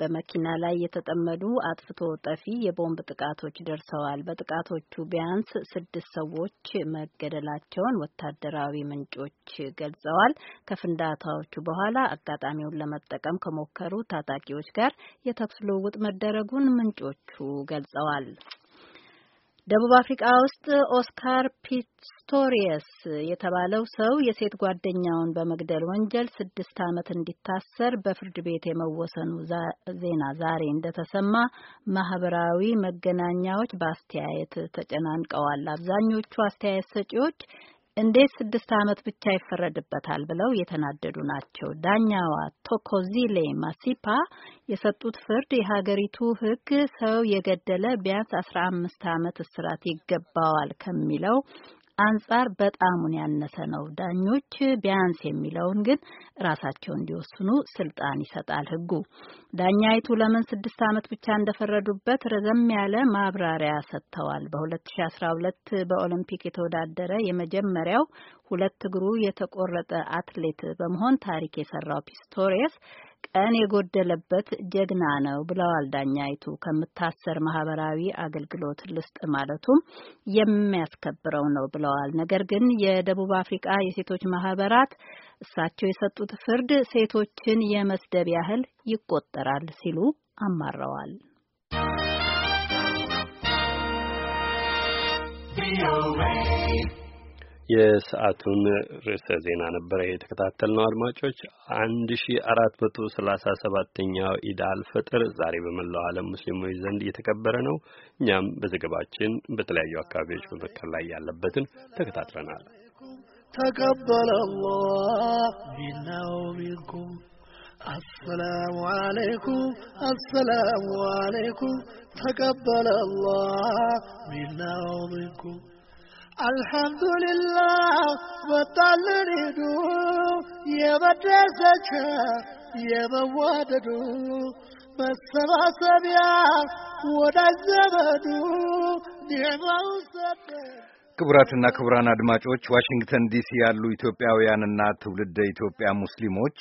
በመኪና ላይ የተጠመዱ አጥፍቶ ጠፊ የቦምብ ጥቃቶች ደርሰዋል። በጥቃቶቹ ቢያንስ ስድስት ሰዎች መገደላቸውን ወታደራዊ ምንጮች ገልጸዋል። ከፍንዳታዎቹ በኋላ አጋጣሚውን ለመጠቀም ከሞከሩ ታጣቂዎች ጋር የተኩስ ልውውጥ መደረጉን ምንጮቹ ገልጸዋል። ደቡብ አፍሪካ ውስጥ ኦስካር ፒስቶሪየስ የተባለው ሰው የሴት ጓደኛውን በመግደል ወንጀል ስድስት ዓመት እንዲታሰር በፍርድ ቤት የመወሰኑ ዜና ዛሬ እንደተሰማ ማህበራዊ መገናኛዎች በአስተያየት ተጨናንቀዋል። አብዛኞቹ አስተያየት ሰጪዎች እንዴት ስድስት ዓመት ብቻ ይፈረድበታል ብለው የተናደዱ ናቸው። ዳኛዋ ቶኮዚሌ ማሲፓ የሰጡት ፍርድ የሀገሪቱ ሕግ ሰው የገደለ ቢያንስ አስራ አምስት ዓመት እስራት ይገባዋል ከሚለው አንጻር በጣሙን ያነሰ ነው። ዳኞች ቢያንስ የሚለውን ግን ራሳቸው እንዲወስኑ ስልጣን ይሰጣል ህጉ ዳኛይቱ ለምን ስድስት ዓመት ብቻ እንደፈረዱበት ረዘም ያለ ማብራሪያ ሰጥተዋል። በ2012 በኦሎምፒክ የተወዳደረ የመጀመሪያው ሁለት እግሩ የተቆረጠ አትሌት በመሆን ታሪክ የሰራው ፒስቶሪየስ ቀን የጎደለበት ጀግና ነው ብለዋል ዳኛይቱ። ከምታሰር ማህበራዊ አገልግሎት ልስጥ ማለቱም የሚያስከብረው ነው ብለዋል። ነገር ግን የደቡብ አፍሪካ የሴቶች ማህበራት እሳቸው የሰጡት ፍርድ ሴቶችን የመስደብ ያህል ይቆጠራል ሲሉ አማረዋል። የሰዓቱን ርዕሰ ዜና ነበረ ነው አድማጮች አንድ ሺ አራት መቶ ሰላሳ ሰባተኛው ኢድ አልፈጥር ዛሬ በመላው ዓለም ሙስሊሞች ዘንድ እየተከበረ ነው። እኛም በዘገባችን በተለያዩ አካባቢዎች መመከር ላይ ያለበትን ተከታትለናል። ተቀበለ አላህ ሚና ወሚንኩም። አሰላሙ አለይኩም አሰላሙ አለይኩም ተቀበለ አላህ ሚና ወሚንኩም አልሐምዱሊላህ ወጣልን ሂዱ የመደሰቻ የመዋደዱ መሰባሰቢያ ወዳጅ ዘመዱ ክቡራትና ክቡራን አድማጮች ዋሽንግተን ዲሲ ያሉ ኢትዮጵያውያንና ትውልደ ኢትዮጵያ ሙስሊሞች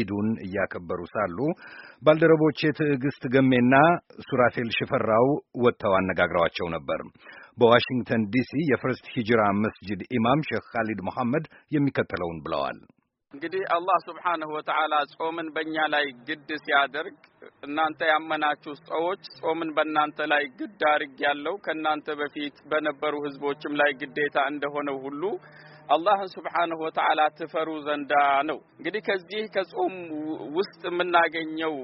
ኢዱን እያከበሩ ሳሉ ባልደረቦቼ ትዕግስት ገሜና ሱራፌል ሽፈራው ወጥተው አነጋግረዋቸው ነበር። በዋሽንግተን ዲሲ የፈርስት ሂጅራ መስጅድ ኢማም ሼክ ካሊድ መሐመድ የሚከተለውን ብለዋል። እንግዲህ አላህ ስብሓንሁ ወተዓላ ጾምን በእኛ ላይ ግድ ሲያደርግ እናንተ ያመናችሁ ሰዎች ጾምን በእናንተ ላይ ግድ አድርግ ያለው ከእናንተ በፊት በነበሩ ህዝቦችም ላይ ግዴታ እንደሆነው ሁሉ አላህን ስብሓንሁ ወተዓላ ትፈሩ ዘንዳ ነው። እንግዲህ ከዚህ ከጾም ውስጥ የምናገኘው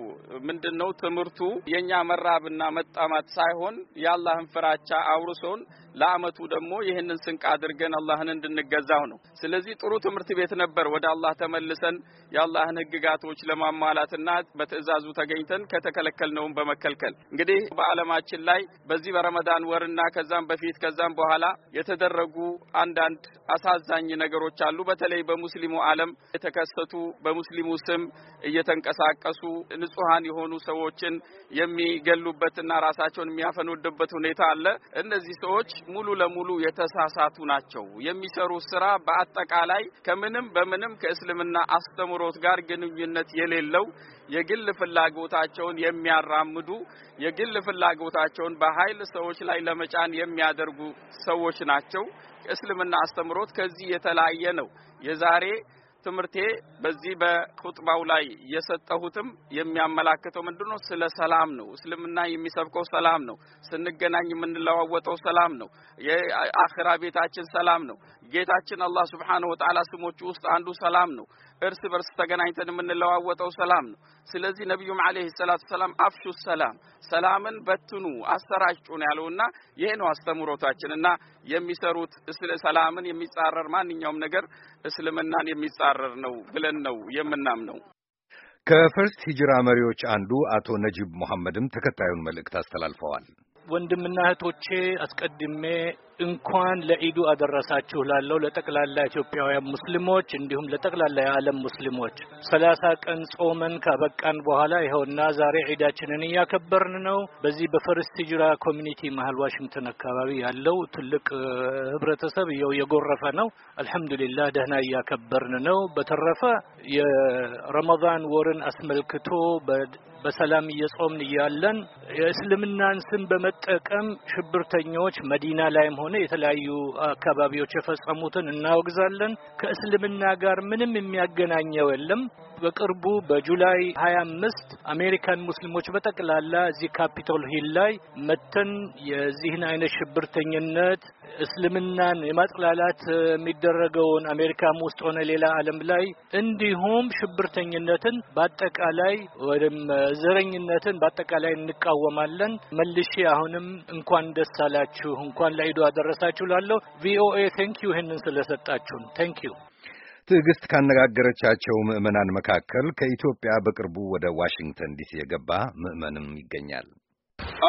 ምንድን ነው ትምህርቱ የእኛ መራብና መጣማት ሳይሆን የአላህን ፍራቻ አውርሶን ለአመቱ ደግሞ ይህንን ስንቅ አድርገን አላህን እንድንገዛው ነው። ስለዚህ ጥሩ ትምህርት ቤት ነበር። ወደ አላህ ተመልሰን የአላህን ህግጋቶች ለማሟላትና በትዕዛዙ ተገኝተን ከተከለከልነውም በመከልከል እንግዲህ በዓለማችን ላይ በዚህ በረመዳን ወርና ከዛም በፊት ከዛም በኋላ የተደረጉ አንዳንድ አሳዛኝ ነገሮች አሉ። በተለይ በሙስሊሙ ዓለም የተከሰቱ በሙስሊሙ ስም እየተንቀሳቀሱ ንጹሐን የሆኑ ሰዎችን የሚገሉበትና ራሳቸውን የሚያፈኑድበት ሁኔታ አለ። እነዚህ ሰዎች ሙሉ ለሙሉ የተሳሳቱ ናቸው። የሚሰሩ ስራ በአጠቃላይ ከምንም በምንም ከእስልምና አስተምሮት ጋር ግንኙነት የሌለው የግል ፍላጎታቸውን የሚያራምዱ የግል ፍላጎታቸውን በኃይል ሰዎች ላይ ለመጫን የሚያደርጉ ሰዎች ናቸው። እስልምና አስተምሮት ከዚህ የተለያየ ነው። የዛሬ ትምህርቴ በዚህ በኹጥባው ላይ የሰጠሁትም የሚያመላክተው ምንድነው? ስለ ሰላም ነው። እስልምና የሚሰብከው ሰላም ነው። ስንገናኝ የምንለዋወጠው ሰላም ነው። የአኽራ ቤታችን ሰላም ነው። ጌታችን አላህ Subhanahu Wa Ta'ala ስሞቹ ውስጥ አንዱ ሰላም ነው። እርስ በርስ ተገናኝተን የምንለዋወጠው ሰላም ነው። ስለዚህ ነብዩም አለይሂ ሰላቱ ሰላም አፍሹ ሰላም ሰላምን በትኑ አሰራጩ ነው ያለውና ይሄ ነው አስተምሮታችንና የሚሰሩት ስለ ሰላምን የሚጻረር ማንኛውም ነገር እስልምናን የሚጻረር ነው ብለን ነው የምናምነው። ከፈርስት ሂጅራ መሪዎች አንዱ አቶ ነጂብ መሐመድም ተከታዩን መልእክት አስተላልፈዋል። ወንድምና እህቶቼ አስቀድሜ እንኳን ለኢዱ አደረሳችሁ ላለው ለጠቅላላ ኢትዮጵያውያን ሙስሊሞች እንዲሁም ለጠቅላላ የዓለም ሙስሊሞች ሰላሳ ቀን ጾመን ካበቃን በኋላ ይኸውና ዛሬ ዒዳችንን እያከበርን ነው። በዚህ በፈርስት ኮሚኒቲ መሀል ዋሽንግተን አካባቢ ያለው ትልቅ ህብረተሰብ ይኸው የጎረፈ ነው። አልሐምዱሊላህ ደህና እያከበርን ነው። በተረፈ የረመዳን ወርን አስመልክቶ በሰላም እየጾምን እያለን የእስልምናን ስም በመጠቀም ሽብርተኞች መዲና ላይም ሆነ የተለያዩ አካባቢዎች የፈጸሙትን እናወግዛለን። ከእስልምና ጋር ምንም የሚያገናኘው የለም። በቅርቡ በጁላይ 25 አሜሪካን ሙስሊሞች በጠቅላላ እዚህ ካፒቶል ሂል ላይ መተን የዚህን አይነት ሽብርተኝነት እስልምናን የማጥላላት የሚደረገውን አሜሪካም ውስጥ ሆነ ሌላ ዓለም ላይ እንዲሁም ሽብርተኝነትን በአጠቃላይ ወይም ዘረኝነትን በአጠቃላይ እንቃወማለን። መልሼ አሁንም እንኳን ደስ አላችሁ፣ እንኳን ለኢዱ አደረሳችሁ ላለሁ ቪኦኤ ዩ ይህንን ስለሰጣችሁን ዩ። ትዕግስት ካነጋገረቻቸው ምዕመናን መካከል ከኢትዮጵያ በቅርቡ ወደ ዋሽንግተን ዲሲ የገባ ምዕመንም ይገኛል።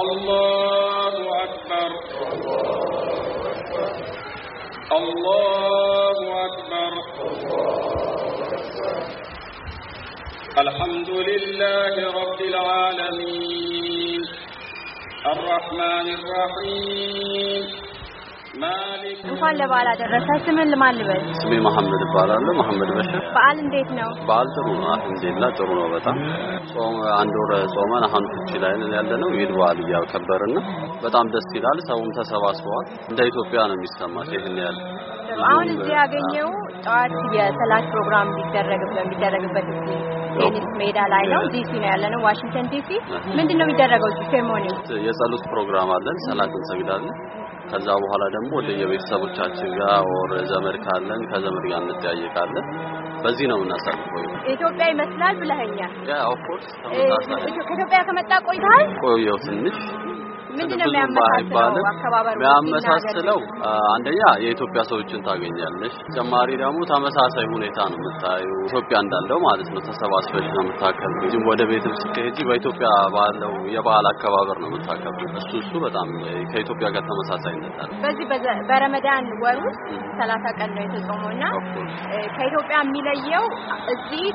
አላሁ አክበር الله أكبر الحمد لله رب العالمين الرحمن الرحيم እንኳን ለበዓል አደረሰ። ስምን ማን ልበል? ስሜ መሐመድ እባላለሁ። መሐመድ በሽር። በዓል እንዴት ነው? በዓል ጥሩ ነው አልሐምዱሊላህ፣ ጥሩ ነው በጣም ጾም አንድ ወር ጾመን አሁን ፍቺ ላይ ነን ያለነው ኢድ በዓል እያከበርን በጣም ደስ ይላል። ሰውም ተሰባስበዋል። እንደ ኢትዮጵያ ነው የሚሰማት ይሄን ያለ አሁን እዚህ ያገኘው ጠዋት የሰላት ፕሮግራም ቢደረግበት ቢደረግበት ቴኒስ ሜዳ ላይ ነው። ዲሲ ነው ያለነው ዋሽንግተን ዲሲ። ምንድነው የሚደረገው ሴሞኒ? የጸሎት ፕሮግራም አለን። ሰላት እንሰግዳለን። ከዛ በኋላ ደግሞ ወደ የቤተሰቦቻችን ጋር ወር ዘመድ ካለን ከዘመድ ጋር እንጠያየቃለን። በዚህ ነው እናሳልፈው። ኢትዮጵያ ይመስላል ብለኸኛል። ያ ኦፍ ኮርስ ከኢትዮጵያ ከመጣ ቆይተሃል? ቆየሁ ትንሽ ምንድነው የሚያመሳስለው? አንደኛ የኢትዮጵያ ሰዎችን ታገኛለሽ። ተጨማሪ ደግሞ ተመሳሳይ ሁኔታ ነው የምታዩ ኢትዮጵያ እንዳለው ማለት ነው። ተሰባስበሽ ነው የምታከብ የምታከብሪ። ወደ ቤትም ስትሄጂ በኢትዮጵያ ባለው የባህል አከባበር ነው የምታከብ። እሱ እሱ በጣም ከኢትዮጵያ ጋር ተመሳሳይነት አለ። በዚህ በረመዳን ወር ውስጥ ሰላሳ ቀን ነው የተጾመው እና ከኢትዮጵያ የሚለየው እዚህ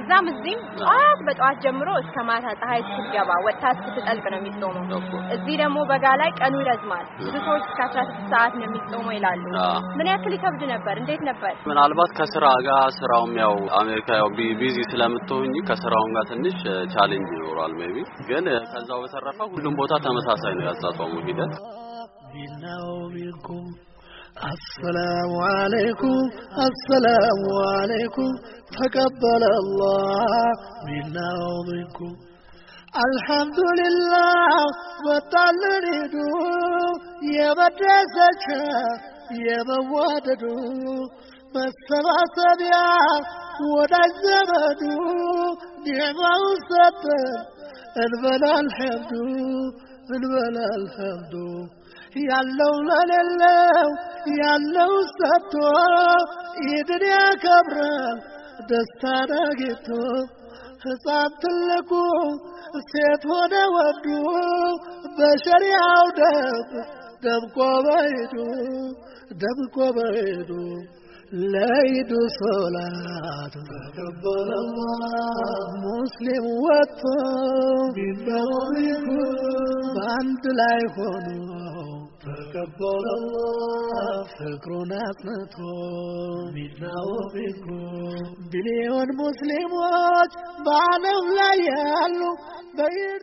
እዛም እዚህም ጠዋት በጠዋት ጀምሮ እስከ ማታ ፀሐይ ስትገባ ወጥታ ስትጠልቅ ነው የሚጾመው። እዚህ ደግሞ በጋ ላይ ቀኑ ይረዝማል። ብዙ ሰዎች ከአስራ ስድስት ሰዓት ነው የሚጾመው ይላሉ። ምን ያክል ይከብድ ነበር? እንዴት ነበር? ምናልባት ከስራ ጋር ስራውም ያው አሜሪካ ያው ቢዚ ስለምትሆኝ ከስራውም ጋር ትንሽ ቻሌንጅ ይኖራል። ሜቢ ግን ከዛው በተረፈ ሁሉም ቦታ ተመሳሳይ ነው ያጻጻሙ ሂደት አሰላሙ አለይኩም አሰላሙ አለይኩም ተቀበለ አላህ ሚና ወሚንኩም አልሐምዱሊላህ ወጣል ሪዱ የመደሰቻ የመዋደዱ መሰባሰቢያ ወዳጅ ዘመዱ ኒዕማው ሰጠን እንበላ አልሐምዱ እንበላ አልሐምዱ ያለው ለሌለው ያለው ሰጥቶ ኢድን ያከብራል ደስታን አግኝቶ ሕፃን ትልቁ ሴት ሆነ ወንዱ በሸሪያው ደም ደምቆ በይዱ ደምቆ በይዱ ለይዱ ሶላት ተቀበለላ ሙስሊም ወጥቶ ቢበሩ በአንድ ላይ ሆኖ فكبر الله فكرون أثنته منا وفيكم بليون مسلمات بعلم لا يالو بغير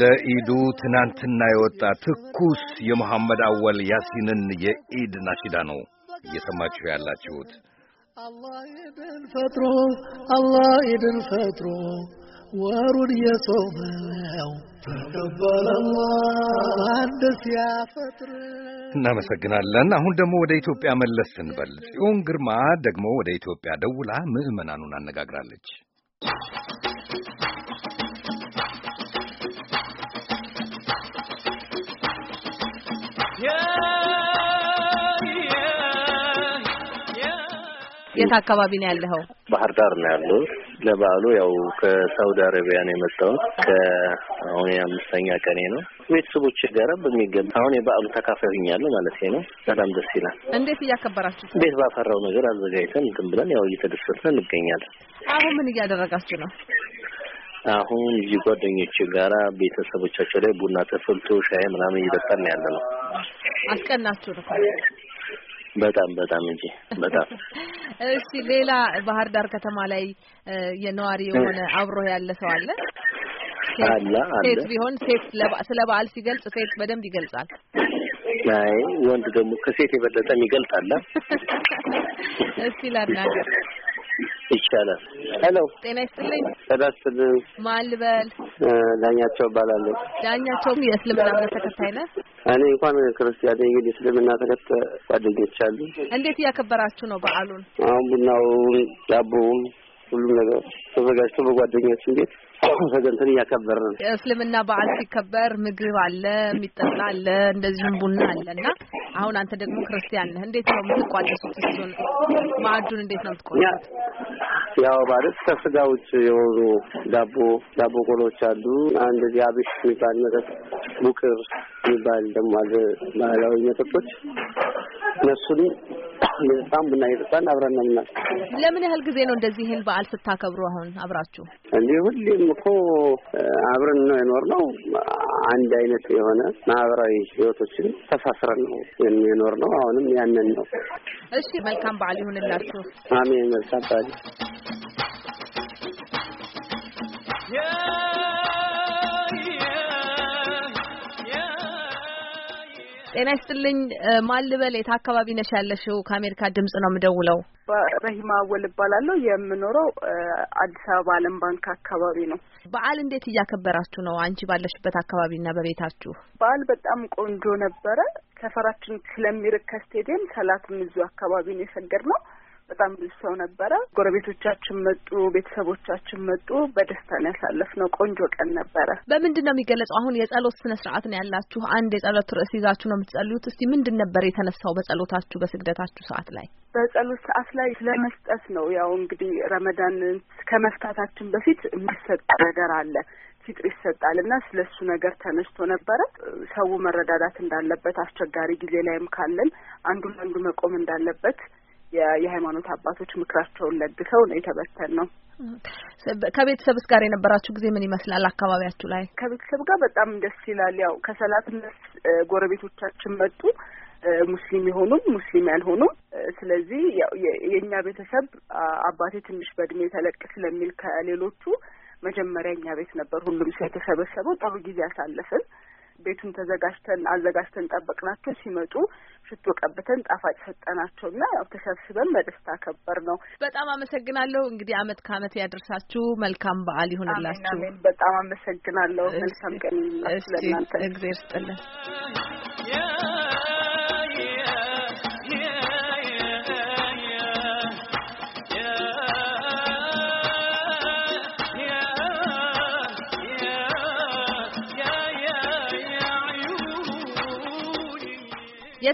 ለኢዱ ትናንትና የወጣ ትኩስ የመሐመድ አወል ያሲንን የኢድ ናሽዳ ነው እየሰማችሁ ያላችሁት። አላህ ኢድን ፈጥሮ አላህ ኢድን ፈጥሮ ወሩን የጾመው እናመሰግናለን። አሁን ደግሞ ወደ ኢትዮጵያ መለስ ስንበል ጽዮን ግርማ ደግሞ ወደ ኢትዮጵያ ደውላ ምዕመናኑን አነጋግራለች። የት አካባቢ ነው ያለኸው? ባህር ዳር ነው ያሉት። ለበዓሉ ያው ከሳውዲ አረቢያ ነው የመጣሁት። ከአሁን የአምስተኛ ቀኔ ነው። ቤተሰቦች ጋር በሚገባ አሁን የበዓሉ ተካፋይኛለሁ ማለት ነው። በጣም ደስ ይላል። እንዴት እያከበራችሁ? ቤት ባፈራው ነገር አዘጋጅተን እንትን ብለን ያው እየተደሰትን እንገኛለን። አሁን ምን እያደረጋችሁ ነው? አሁን እዚህ ጓደኞች ጋራ ቤተሰቦቻቸው ላይ ቡና ተፈልቶ ሻይ ምናምን እየጠጣን ያለ ነው። አስቀናችሁ ነው በጣም በጣም እንጂ በጣም እሺ። ሌላ ባህር ዳር ከተማ ላይ የነዋሪ የሆነ አብሮ ያለ ሰው አለ? ሴት ቢሆን ሴት ስለ በዓል ሲገልጽ ሴት በደንብ ይገልጻል። አይ ወንድ ደግሞ ከሴት የበለጠም ይገልጣል። እስቲ ላናገር ይቻላል። ሄሎ ጤና ይስጥልኝ። ተዳስል ማን ልበል? ዳኛቸው እባላለሁ። ዳኛቸውም የእስልምና እምነት ተከታይ ነህ? እኔ እንኳን ክርስቲያን እንግዲህ እስልምና ተከታይ ጓደኞች አሉ። እንዴት እያከበራችሁ ነው በዓሉን? አሁን ቡናውን፣ ዳቦውን፣ ሁሉም ነገር ተዘጋጅቶ በጓደኞች እንዴት ሰገንትን እያከበር ነው። የእስልምና በዓል ሲከበር ምግብ አለ፣ የሚጠጣ አለ፣ እንደዚሁም ቡና አለ እና አሁን አንተ ደግሞ ክርስቲያን ነህ። እንዴት ነው የምትቋደሱት? እሱን ማዕዱን እንዴት ነው ምትቆ። ያው ማለት ከስጋ ውጭ የሆኑ ዳቦ ዳቦ ቆሎች አሉ። እንደዚህ አብሽ የሚባል መጠጥ፣ ቡቅር የሚባል ደግሞ አለ ባህላዊ መጠጦች እነሱን እየጠጣን ቡና እየጠጣን አብረን ነው ምና ለምን ያህል ጊዜ ነው እንደዚህ ይህን በዓል ስታከብሩ አሁን አብራችሁ? እንዲህ ሁሌም እኮ አብረን ነው የኖርነው። አንድ አይነት የሆነ ማህበራዊ ህይወቶችን ተሳስረን ነው የኖርነው። አሁንም ያንን ነው። እሺ መልካም በዓል ይሁንላችሁ። አሜን። መልካም በዓል ጤና ይስጥልኝ። ማልበል ልበል? የት አካባቢ ነሽ ያለሽው? ከአሜሪካ ድምጽ ነው የምደውለው። ረሂማ ወል እባላለሁ። የምኖረው አዲስ አበባ ዓለም ባንክ አካባቢ ነው። በዓል እንዴት እያከበራችሁ ነው አንቺ ባለሽበት አካባቢና በቤታችሁ? በዓል በጣም ቆንጆ ነበረ። ሰፈራችን ስለሚርቅ ከስቴዲየም ሰላትም እዚሁ አካባቢ ነው የሰገድ ነው በጣም ብዙ ሰው ነበረ። ጎረቤቶቻችን መጡ፣ ቤተሰቦቻችን መጡ። በደስታ ነው ያሳለፍነው። ቆንጆ ቀን ነበረ። በምንድን ነው የሚገለጸው? አሁን የጸሎት ስነ ስርዓት ነው ያላችሁ። አንድ የጸሎት ርዕስ ይዛችሁ ነው የምትጸልዩት። እስቲ ምንድን ነበር የተነሳው በጸሎታችሁ በስግደታችሁ ሰዓት ላይ? በጸሎት ሰዓት ላይ ስለመስጠት ነው። ያው እንግዲህ ረመዳን ከመፍታታችን በፊት የሚሰጥ ነገር አለ ፊጥር ይሰጣል እና ስለ እሱ ነገር ተነስቶ ነበረ። ሰው መረዳዳት እንዳለበት አስቸጋሪ ጊዜ ላይም ካለን አንዱ ለአንዱ መቆም እንዳለበት የሃይማኖት አባቶች ምክራቸውን ለግሰው ነው የተበተን ነው። ከቤተሰብስ ጋር የነበራችሁ ጊዜ ምን ይመስላል? አካባቢያችሁ ላይ ከቤተሰብ ጋር በጣም ደስ ይላል። ያው ከሰላት ጎረቤቶቻችን መጡ፣ ሙስሊም የሆኑም ሙስሊም ያልሆኑም። ስለዚህ የእኛ ቤተሰብ አባቴ ትንሽ በእድሜ ተለቅ ስለሚል ከሌሎቹ መጀመሪያ እኛ ቤት ነበር ሁሉም ሰው የተሰበሰበው። ጥሩ ጊዜ አሳለፍን። ቤቱን ተዘጋጅተን አዘጋጅተን ጠበቅናቸው። ሲመጡ ሽቶ ቀብተን ጣፋጭ ሰጠናቸው እና ያው ተሰብስበን በደስታ ከበር ነው። በጣም አመሰግናለሁ። እንግዲህ አመት ከአመት ያደርሳችሁ። መልካም በዓል ይሁንላችሁ። በጣም አመሰግናለሁ። መልካም ቀን ለእናንተ እግዜር ስጥልን።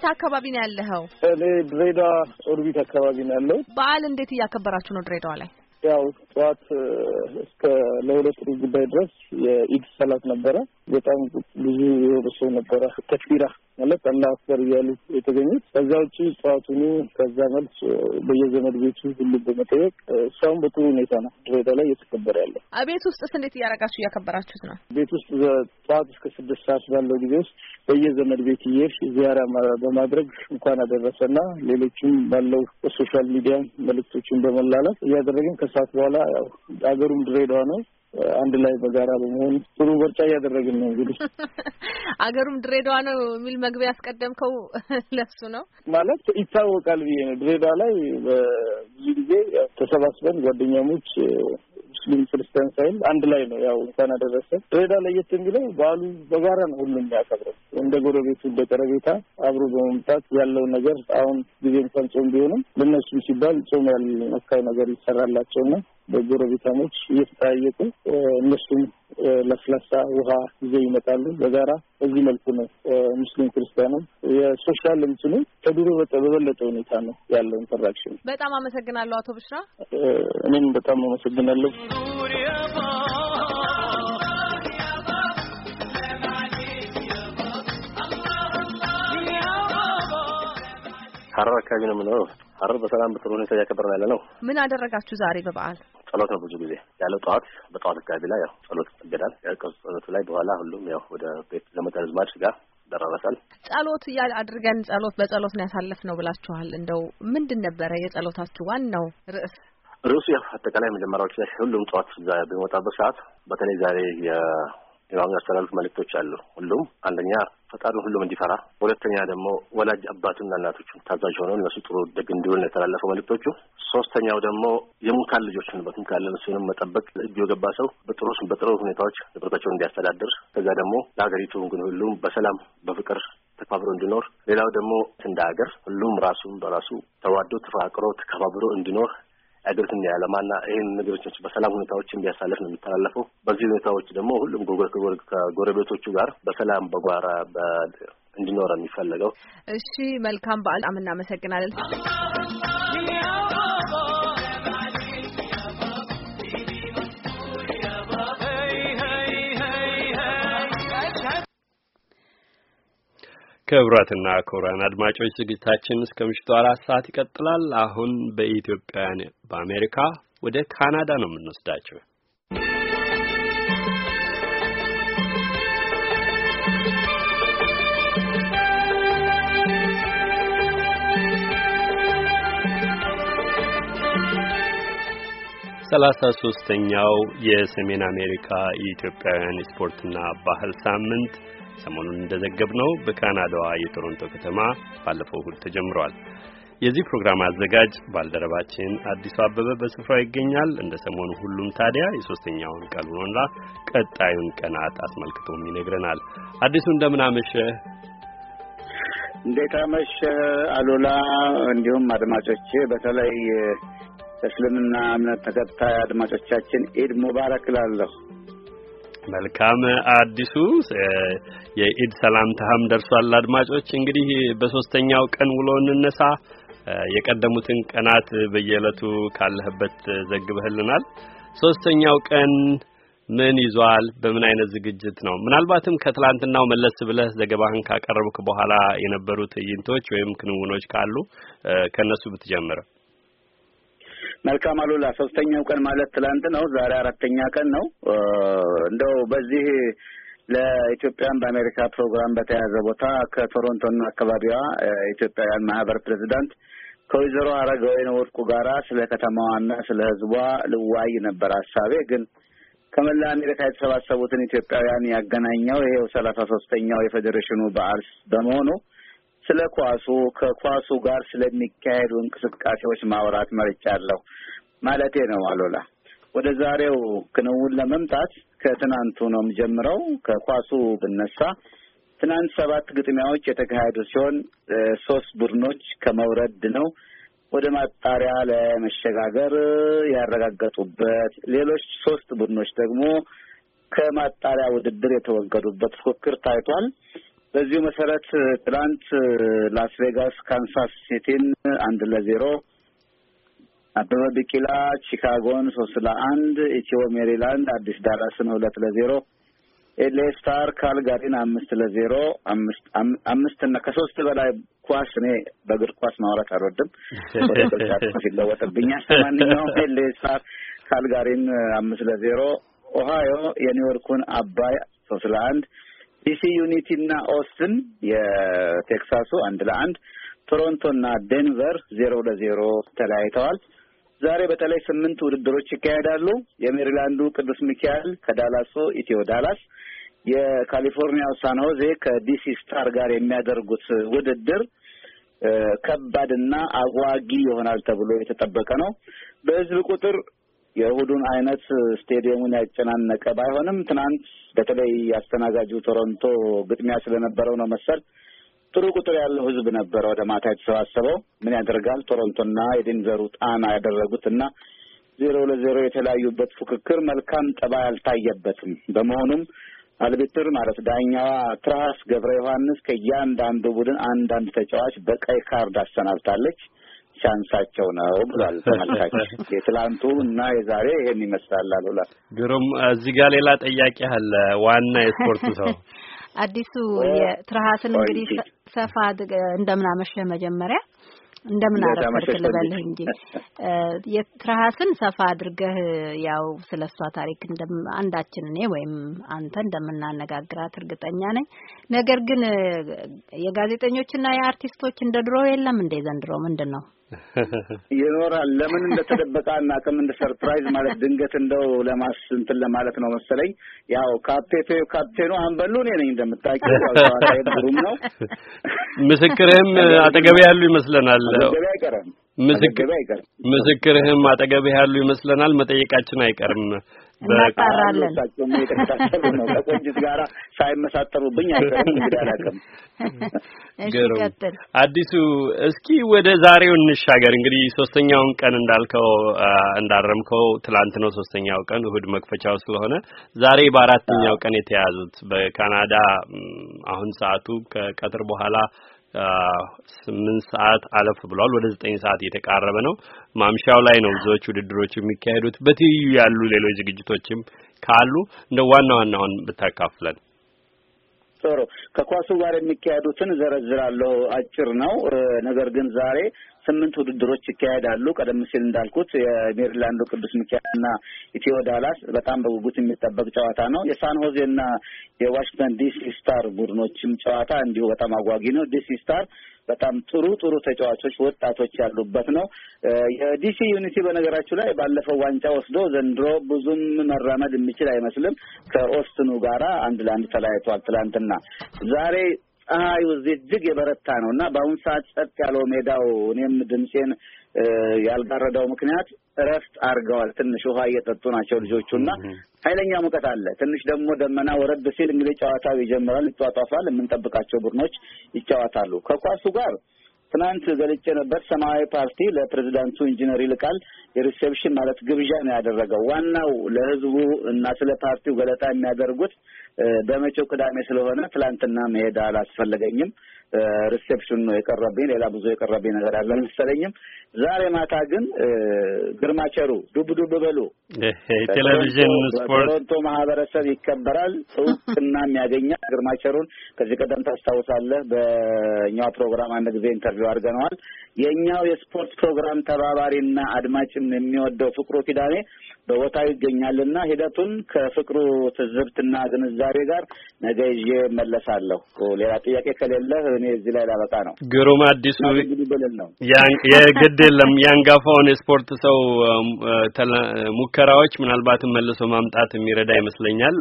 የት አካባቢ ነው ያለኸው? እኔ ድሬዳዋ ኦርቢት አካባቢ ነው ያለው። በዓል እንዴት እያከበራችሁ ነው ድሬዳዋ ላይ? ያው ጠዋት እስከ ለሁለት ሩብ ጉዳይ ድረስ የኢድ ሰላት ነበረ። በጣም ብዙ የህብረተሰቡ ነበረ ተክቢራ ማለት አላህ አክበር እያሉ የተገኙት። ከዛ ውጭ ጠዋቱኑ ከዛ መልስ በየዘመድ ቤቱ ሁሉም በመጠየቅ እስካሁን በጥሩ ሁኔታ ነው ድሬዳ ላይ እየተከበረ ያለው። ቤት ውስጥስ እንዴት እያረጋችሁ እያከበራችሁት ነው? ቤት ውስጥ ጠዋት እስከ ስድስት ሰዓት ባለው ጊዜ ውስጥ በየዘመድ ቤት እየሄድሽ ዚያራ በማድረግ እንኳን አደረሰ አደረሰና ሌሎችም ባለው በሶሻል ሚዲያ መልእክቶችን በመላላት እያደረግን ከሰዓት በኋላ ያው አገሩም ድሬዳዋ ነው አንድ ላይ በጋራ በመሆን ጥሩ ምርጫ እያደረግን ነው። እንግዲህ አገሩም ድሬዳዋ ነው የሚል መግቢያ ያስቀደምከው ለሱ ነው ማለት ይታወቃል ብዬ ነው። ድሬዳዋ ላይ በብዙ ጊዜ ተሰባስበን ጓደኛሞች ሙስሊም ክርስቲያን ሳይል አንድ ላይ ነው ያው እንኳን አደረሰ። ድሬዳዋ ለየት የሚለው በዓሉ በጋራ ነው ሁሉም የሚያከብረው እንደ ጎረቤቱ እንደ ቀረቤታ አብሮ በመምጣት ያለው ነገር አሁን ጊዜ እንኳን ጾም ቢሆንም ለእነሱም ሲባል ጾም ያልነካው ነገር ይሰራላቸውና በጎረቤታሞች እየተጠያየቁ እነሱም ለስላሳ ውሃ ይዘው ይመጣሉ በጋራ በዚህ መልኩ ነው ሙስሊም ክርስቲያንም የሶሻል እንትኑ ከድሮ በበለጠ ሁኔታ ነው ያለው ኢንተራክሽን። በጣም አመሰግናለሁ አቶ ብሽራ። እኔም በጣም አመሰግናለሁ። ሀረር አካባቢ ነው የምኖረው። ሀረር በሰላም በጥሩ ሁኔታ እያከበርን ያለ ነው። ምን አደረጋችሁ ዛሬ በበዓል? ጸሎት ነው። ብዙ ጊዜ ያለው ጠዋት በጠዋት አካባቢ ላይ ያው ጸሎት ይገዳል። ያቀሱ ጸሎቱ ላይ በኋላ ሁሉም ያው ወደ ቤት ዘመድ አዝማድ ጋር ይደራረሳል። ጸሎት እያል አድርገን ጸሎት በጸሎት ነው ያሳለፍ ነው ብላችኋል። እንደው ምንድን ነበረ የጸሎታችሁ ዋናው ርዕስ? ርዕሱ ያው አጠቃላይ መጀመሪያዎች ላይ ሁሉም ጠዋት እዛ በሚወጣበት ሰዓት በተለይ ዛሬ ያው የሚያስተላልፍ መልእክቶች አሉ። ሁሉም አንደኛ ፈጣሪ ሁሉም እንዲፈራ፣ ሁለተኛ ደግሞ ወላጅ አባቱና እናቶቹ ታዛዥ ሆነው እነሱ ጥሩ ደግ እንዲሆን የተላለፈው መልእክቶቹ። ሶስተኛው ደግሞ የሙንካን ልጆችን በሙንካን እሱንም መጠበቅ እጁ የገባ ሰው በጥሩ በጥሩ ሁኔታዎች ንብረታቸውን እንዲያስተዳድር ከዛ ደግሞ ለሀገሪቱ ግን ሁሉም በሰላም በፍቅር ተከባብሮ እንዲኖር፣ ሌላው ደግሞ እንደ ሀገር ሁሉም ራሱን በራሱ ተዋዶ ተፋቅሮ ተከባብሮ እንዲኖር አይደርስም የዓላማና ይህን ነገሮች በሰላም ሁኔታዎች እንዲያሳልፍ ነው የሚተላለፈው። በዚህ ሁኔታዎች ደግሞ ሁሉም ከጎረቤቶቹ ጋር በሰላም በጓራ እንዲኖር የሚፈለገው። እሺ፣ መልካም በዓል። በጣም እናመሰግናለን። ክቡራትና ክቡራን አድማጮች ዝግጅታችን እስከ ምሽቱ አራት ሰዓት ይቀጥላል። አሁን በኢትዮጵያውያን በአሜሪካ ወደ ካናዳ ነው የምንወስዳቸው። ሰላሳ ሶስተኛው የሰሜን አሜሪካ የኢትዮጵያውያን ስፖርትና ባህል ሳምንት ሰሞኑን እንደዘገብነው በካናዳዋ የቶሮንቶ ከተማ ባለፈው እሁድ ተጀምሯል። የዚህ ፕሮግራም አዘጋጅ ባልደረባችን አዲሱ አበበ በስፍራው ይገኛል። እንደ ሰሞኑ ሁሉም ታዲያ የሶስተኛውን ቀኑንና ቀጣዩን ቀናት አስመልክቶም ይነግረናል። አዲሱ እንደምን አመሸ? እንዴት አመሸ አሉላ፣ እንዲሁም አድማጮቼ በተለይ እስልምና እምነት ተከታይ አድማጮቻችን ኢድ ሙባረክ እላለሁ። መልካም አዲሱ የኢድ ሰላምታህም ደርሷል። አድማጮች እንግዲህ በሶስተኛው ቀን ውሎ እንነሳ። የቀደሙትን ቀናት በየዕለቱ ካለህበት ዘግበህልናል። ሶስተኛው ቀን ምን ይዟል? በምን አይነት ዝግጅት ነው? ምናልባትም ከትላንትናው መለስ ብለህ ዘገባህን ካቀረብክ በኋላ የነበሩ ትዕይንቶች ወይም ክንውኖች ካሉ ከእነሱ ብትጀምር መልካም አሉላ። ሶስተኛው ቀን ማለት ትላንት ነው። ዛሬ አራተኛ ቀን ነው። እንደው በዚህ ለኢትዮጵያን በአሜሪካ ፕሮግራም በተያያዘ ቦታ ከቶሮንቶና አካባቢዋ የኢትዮጵያውያን ማህበር ፕሬዚዳንት ከወይዘሮ አረጋወይን ወርቁ ጋራ ስለ ከተማዋና ስለ ህዝቧ ልዋይ ነበር ሀሳቤ። ግን ከመላ አሜሪካ የተሰባሰቡትን ኢትዮጵያውያን ያገናኘው ይሄው ሰላሳ ሶስተኛው የፌዴሬሽኑ በዓል በመሆኑ ስለ ኳሱ ከኳሱ ጋር ስለሚካሄዱ እንቅስቃሴዎች ማውራት መርጫለሁ ማለቴ ነው። አሎላ ወደ ዛሬው ክንውን ለመምጣት ከትናንቱ ነው የምጀምረው። ከኳሱ ብነሳ ትናንት ሰባት ግጥሚያዎች የተካሄዱ ሲሆን ሶስት ቡድኖች ከመውረድ ነው ወደ ማጣሪያ ለመሸጋገር ያረጋገጡበት፣ ሌሎች ሶስት ቡድኖች ደግሞ ከማጣሪያ ውድድር የተወገዱበት ፉክክር ታይቷል። በዚሁ መሰረት ትላንት ላስ ቬጋስ ካንሳስ ሲቲን አንድ ለዜሮ፣ አበበ ቢቂላ ቺካጎን ሶስት ለአንድ፣ ኢትዮ ሜሪላንድ አዲስ ዳላስን ሁለት ለዜሮ፣ ኤሌ ስታር ካልጋሪን አምስት ለዜሮ አምስት እና ከሶስት በላይ ኳስ እኔ በእግር ኳስ ማውራት አልወድም፣ ወደ ይለወጥብኛል። ማንኛውም ኤሌ ስታር ካልጋሪን አምስት ለዜሮ፣ ኦሃዮ የኒውዮርኩን አባይ ሶስት ለአንድ ዲሲ ዩኒቲ እና ኦስትን የቴክሳሱ አንድ ለአንድ ቶሮንቶ እና ዴንቨር ዜሮ ለዜሮ ተለያይተዋል። ዛሬ በተለይ ስምንት ውድድሮች ይካሄዳሉ። የሜሪላንዱ ቅዱስ ሚካኤል ከዳላሱ ኢትዮ ዳላስ፣ የካሊፎርኒያው ሳን ሆዜ ከዲሲ ስታር ጋር የሚያደርጉት ውድድር ከባድና አዋጊ ይሆናል ተብሎ የተጠበቀ ነው። በህዝብ ቁጥር የእሁዱን አይነት ስቴዲየሙን ያጨናነቀ ባይሆንም ትናንት በተለይ አስተናጋጁ ቶሮንቶ ግጥሚያ ስለነበረው ነው መሰል ጥሩ ቁጥር ያለው ህዝብ ነበረ ወደ ማታ የተሰባሰበው። ምን ያደርጋል ቶሮንቶና የዴንቨሩ ጣና ያደረጉት እና ዜሮ ለዜሮ የተለያዩበት ፉክክር መልካም ጠባይ አልታየበትም። በመሆኑም አልቢትር ማለት ዳኛዋ ትራስ ገብረ ዮሐንስ ከእያንዳንዱ ቡድን አንዳንድ ተጫዋች በቀይ ካርድ አሰናብታለች። ቻንሳቸው ነው ብሏል ተመልካች። የትላንቱ እና የዛሬ ይሄን ይመስላል። አሉላ ግሩም፣ እዚህ ጋር ሌላ ጥያቄ አለ። ዋና የስፖርቱ ሰው አዲሱ የትርሃስን እንግዲህ ሰፋ እንደምናመሸህ መጀመሪያ እንደምን አረፈርክ ልበልህ እንጂ የትርሃስን ሰፋ አድርገህ ያው ስለ እሷ ታሪክ አንዳችን እኔ ወይም አንተ እንደምናነጋግራት እርግጠኛ ነኝ። ነገር ግን የጋዜጠኞችና የአርቲስቶች እንደ ድሮ የለም እንደ ዘንድሮ ምንድን ነው? ይኖራል። ለምን እንደተደበቀ አናውቅም። እንደ ሰርፕራይዝ ማለት ድንገት እንደው ለማስ እንትን ለማለት ነው መሰለኝ። ያው ካፕቴቶ ካፕቴኑ አንበሉ እኔ ነኝ እንደምታውቂው፣ ግሩም ነው። ምስክርህም አጠገብ ያሉ ይመስለናል። ምስክርህም አጠገብ ያሉ ይመስለናል። መጠየቃችን አይቀርም። እናጣራለን። የተከታተሉ ነው ከቆንጅት ጋራ ሳይመሳጠሩብኝ አይቀርም። እንግዲህ አላውቅም። አዲሱ እስኪ ወደ ዛሬው እንሻገር። እንግዲህ ሶስተኛውን ቀን እንዳልከው እንዳረምከው ትላንት ነው ሶስተኛው ቀን እሁድ መክፈቻው ስለሆነ ዛሬ በአራተኛው ቀን የተያዙት በካናዳ አሁን ሰዓቱ ከቀትር በኋላ ስምንት ሰዓት አለፍ ብሏል። ወደ ዘጠኝ ሰዓት እየተቃረበ ነው። ማምሻው ላይ ነው ብዙዎች ውድድሮች የሚካሄዱት። በትይዩ ያሉ ሌሎች ዝግጅቶችም ካሉ እንደ ዋና ዋናውን ብታካፍለን። ጥሩ ከኳሱ ጋር የሚካሄዱትን ዘረዝራለሁ። አጭር ነው ነገር ግን ዛሬ ስምንት ውድድሮች ይካሄዳሉ። ቀደም ሲል እንዳልኩት የሜሪላንዱ ቅዱስ እና ኢትዮ ዳላስ በጣም በጉጉት የሚጠበቅ ጨዋታ ነው። የሳን ሆዜና የዋሽንግተን ዲሲ ስታር ቡድኖችም ጨዋታ እንዲሁ በጣም አጓጊ ነው። ዲሲ ስታር በጣም ጥሩ ጥሩ ተጫዋቾች ወጣቶች ያሉበት ነው። የዲሲ ዩኒቲ በነገራችሁ ላይ ባለፈው ዋንጫ ወስዶ ዘንድሮ ብዙም መራመድ የሚችል አይመስልም። ከኦስትኑ ጋራ አንድ ለአንድ ተለያይቷል ትላንትና ዛሬ ፀሐዩ እዚህ እጅግ የበረታ ነው እና በአሁኑ ሰዓት ጸጥ ያለው ሜዳው እኔም ድምፄን ያልጋረዳው ምክንያት እረፍት አድርገዋል። ትንሽ ውሃ እየጠጡ ናቸው ልጆቹ እና ኃይለኛ ሙቀት አለ። ትንሽ ደግሞ ደመና ወረድ ሲል እንግዲህ ጨዋታው ይጀምራል፣ ይጧጧፋል። የምንጠብቃቸው ቡድኖች ይጫወታሉ ከኳሱ ጋር ትናንት ገልጬ ነበር። ሰማያዊ ፓርቲ ለፕሬዚዳንቱ ኢንጂነር ይልቃል የሪሴፕሽን ማለት ግብዣ ነው ያደረገው። ዋናው ለህዝቡ እና ስለ ፓርቲው ገለጣ የሚያደርጉት በመቼው ቅዳሜ ስለሆነ ትላንትና መሄድ አላስፈለገኝም። ሪሴፕሽን ነው የቀረብኝ። ሌላ ብዙ የቀረብኝ ነገር አለ አልመሰለኝም። ዛሬ ማታ ግን ግርማቸሩ ዱብ ዱብ በሉ ቴሌቪዥን ስፖርት ቶሮንቶ ማህበረሰብ ይከበራል። እውቅናም ያገኛል። ግርማቸሩን ከዚህ ቀደም ታስታውሳለህ፣ በእኛው ፕሮግራም አንድ ጊዜ ኢንተርቪው አድርገነዋል። የእኛው የስፖርት ፕሮግራም ተባባሪና አድማጭም የሚወደው ፍቅሩ ኪዳኔ በቦታው ይገኛልና ሂደቱን ከፍቅሩ ትዝብትና ግንዛቤ ጋር ነገ ይዤ መለሳለሁ። ሌላ ጥያቄ ከሌለ እኔ እዚህ ላይ ላበቃ ነው። ግሩም አዲሱ የግድ የለም የአንጋፋውን የስፖርት ሰው ሙከራዎች ምናልባትም መልሶ ማምጣት የሚረዳ ይመስለኛል።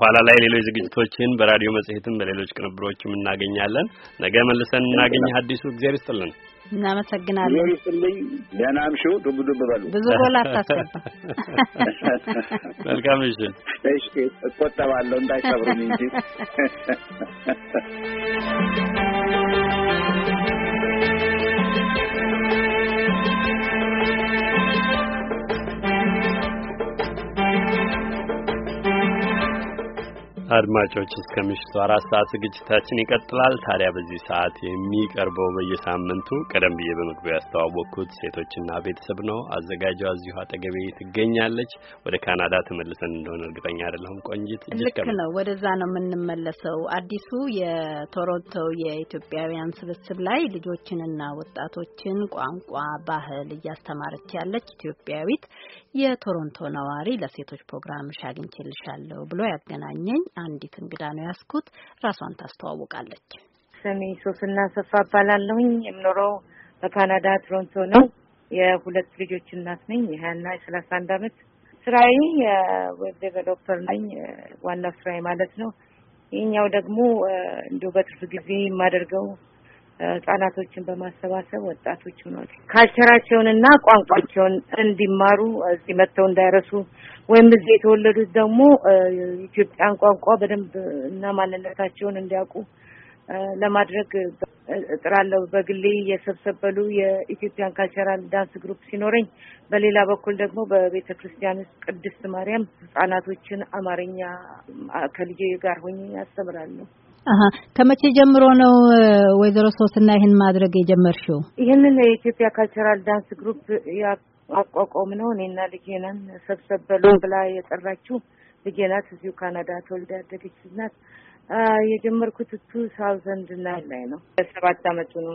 ኋላ ላይ ሌሎች ዝግጅቶችን በራዲዮ መጽሔትም በሌሎች ቅንብሮችም እናገኛለን። ነገ መልሰን እናገኘህ አዲሱ። እግዚአብሔር ይስጥልን። እናመሰግናለን። ዞር ይስጥልኝ። ደህና እምሹ። ዱብ ዱብ በሉ። ብዙ ጎል አታስገባ። መልካም እሺ፣ እሺ፣ እቆጠባለሁ እንዳይሰብሩኝ እንጂ አድማጮች እስከ ምሽቱ አራት ሰዓት ዝግጅታችን ይቀጥላል። ታዲያ በዚህ ሰዓት የሚቀርበው በየሳምንቱ ቀደም ብዬ በመግቢያው ያስተዋወቅኩት ሴቶችና ቤተሰብ ነው። አዘጋጇ እዚሁ አጠገቤ ትገኛለች። ወደ ካናዳ ተመልሰን እንደሆነ እርግጠኛ አይደለሁም። ቆንጂት፣ ልክ ነው? ወደዛ ነው የምንመለሰው። አዲሱ የቶሮንቶ የኢትዮጵያውያን ስብስብ ላይ ልጆችንና ወጣቶችን ቋንቋ፣ ባህል እያስተማረች ያለች ኢትዮጵያዊት የቶሮንቶ ነዋሪ ለሴቶች ፕሮግራም አግኝቼልሻለሁ ብሎ ያገናኘኝ አንዲት እንግዳ ነው ያስኩት። ራሷን ታስተዋውቃለች። ስሜ ሶስና ሰፋ እባላለሁኝ። የምኖረው በካናዳ ቶሮንቶ ነው። የሁለት ልጆች እናት ነኝ። የሀያና የሰላሳ አንድ አመት ስራዬ የዌብ ዴቨሎፐር ነኝ። ዋና ስራዬ ማለት ነው። ይህኛው ደግሞ እንዲሁ በትርፍ ጊዜ የማደርገው ህጻናቶችን በማሰባሰብ ወጣቶች ሆኗል ካልቸራቸውንና ቋንቋቸውን እንዲማሩ እዚህ መጥተው እንዳይረሱ ወይም እዚህ የተወለዱት ደግሞ ኢትዮጵያን ቋንቋ በደንብ እና ማንነታቸውን እንዲያውቁ ለማድረግ እጥራለሁ። በግሌ የሰብሰበሉ የኢትዮጵያን ካልቸራል ዳንስ ግሩፕ ሲኖረኝ፣ በሌላ በኩል ደግሞ በቤተ ክርስቲያን ውስጥ ቅድስት ማርያም ህጻናቶችን አማርኛ ከልጄ ጋር ሆኜ ያስተምራለሁ። ከመቼ ጀምሮ ነው ወይዘሮ ሶስና ይህን ማድረግ የጀመርሽው? ይህንን የኢትዮጵያ ካልቸራል ዳንስ ግሩፕ አቋቋም ነው እኔና ልጄ ነን። ሰብሰብ በሉ ብላ የጠራችው ልጄ ናት። እዚሁ ካናዳ ተወልዳ ያደገች ናት። የጀመርኩት ቱ ሳውዘንድ ናይን ላይ ነው። ሰባት አመቱ ነው።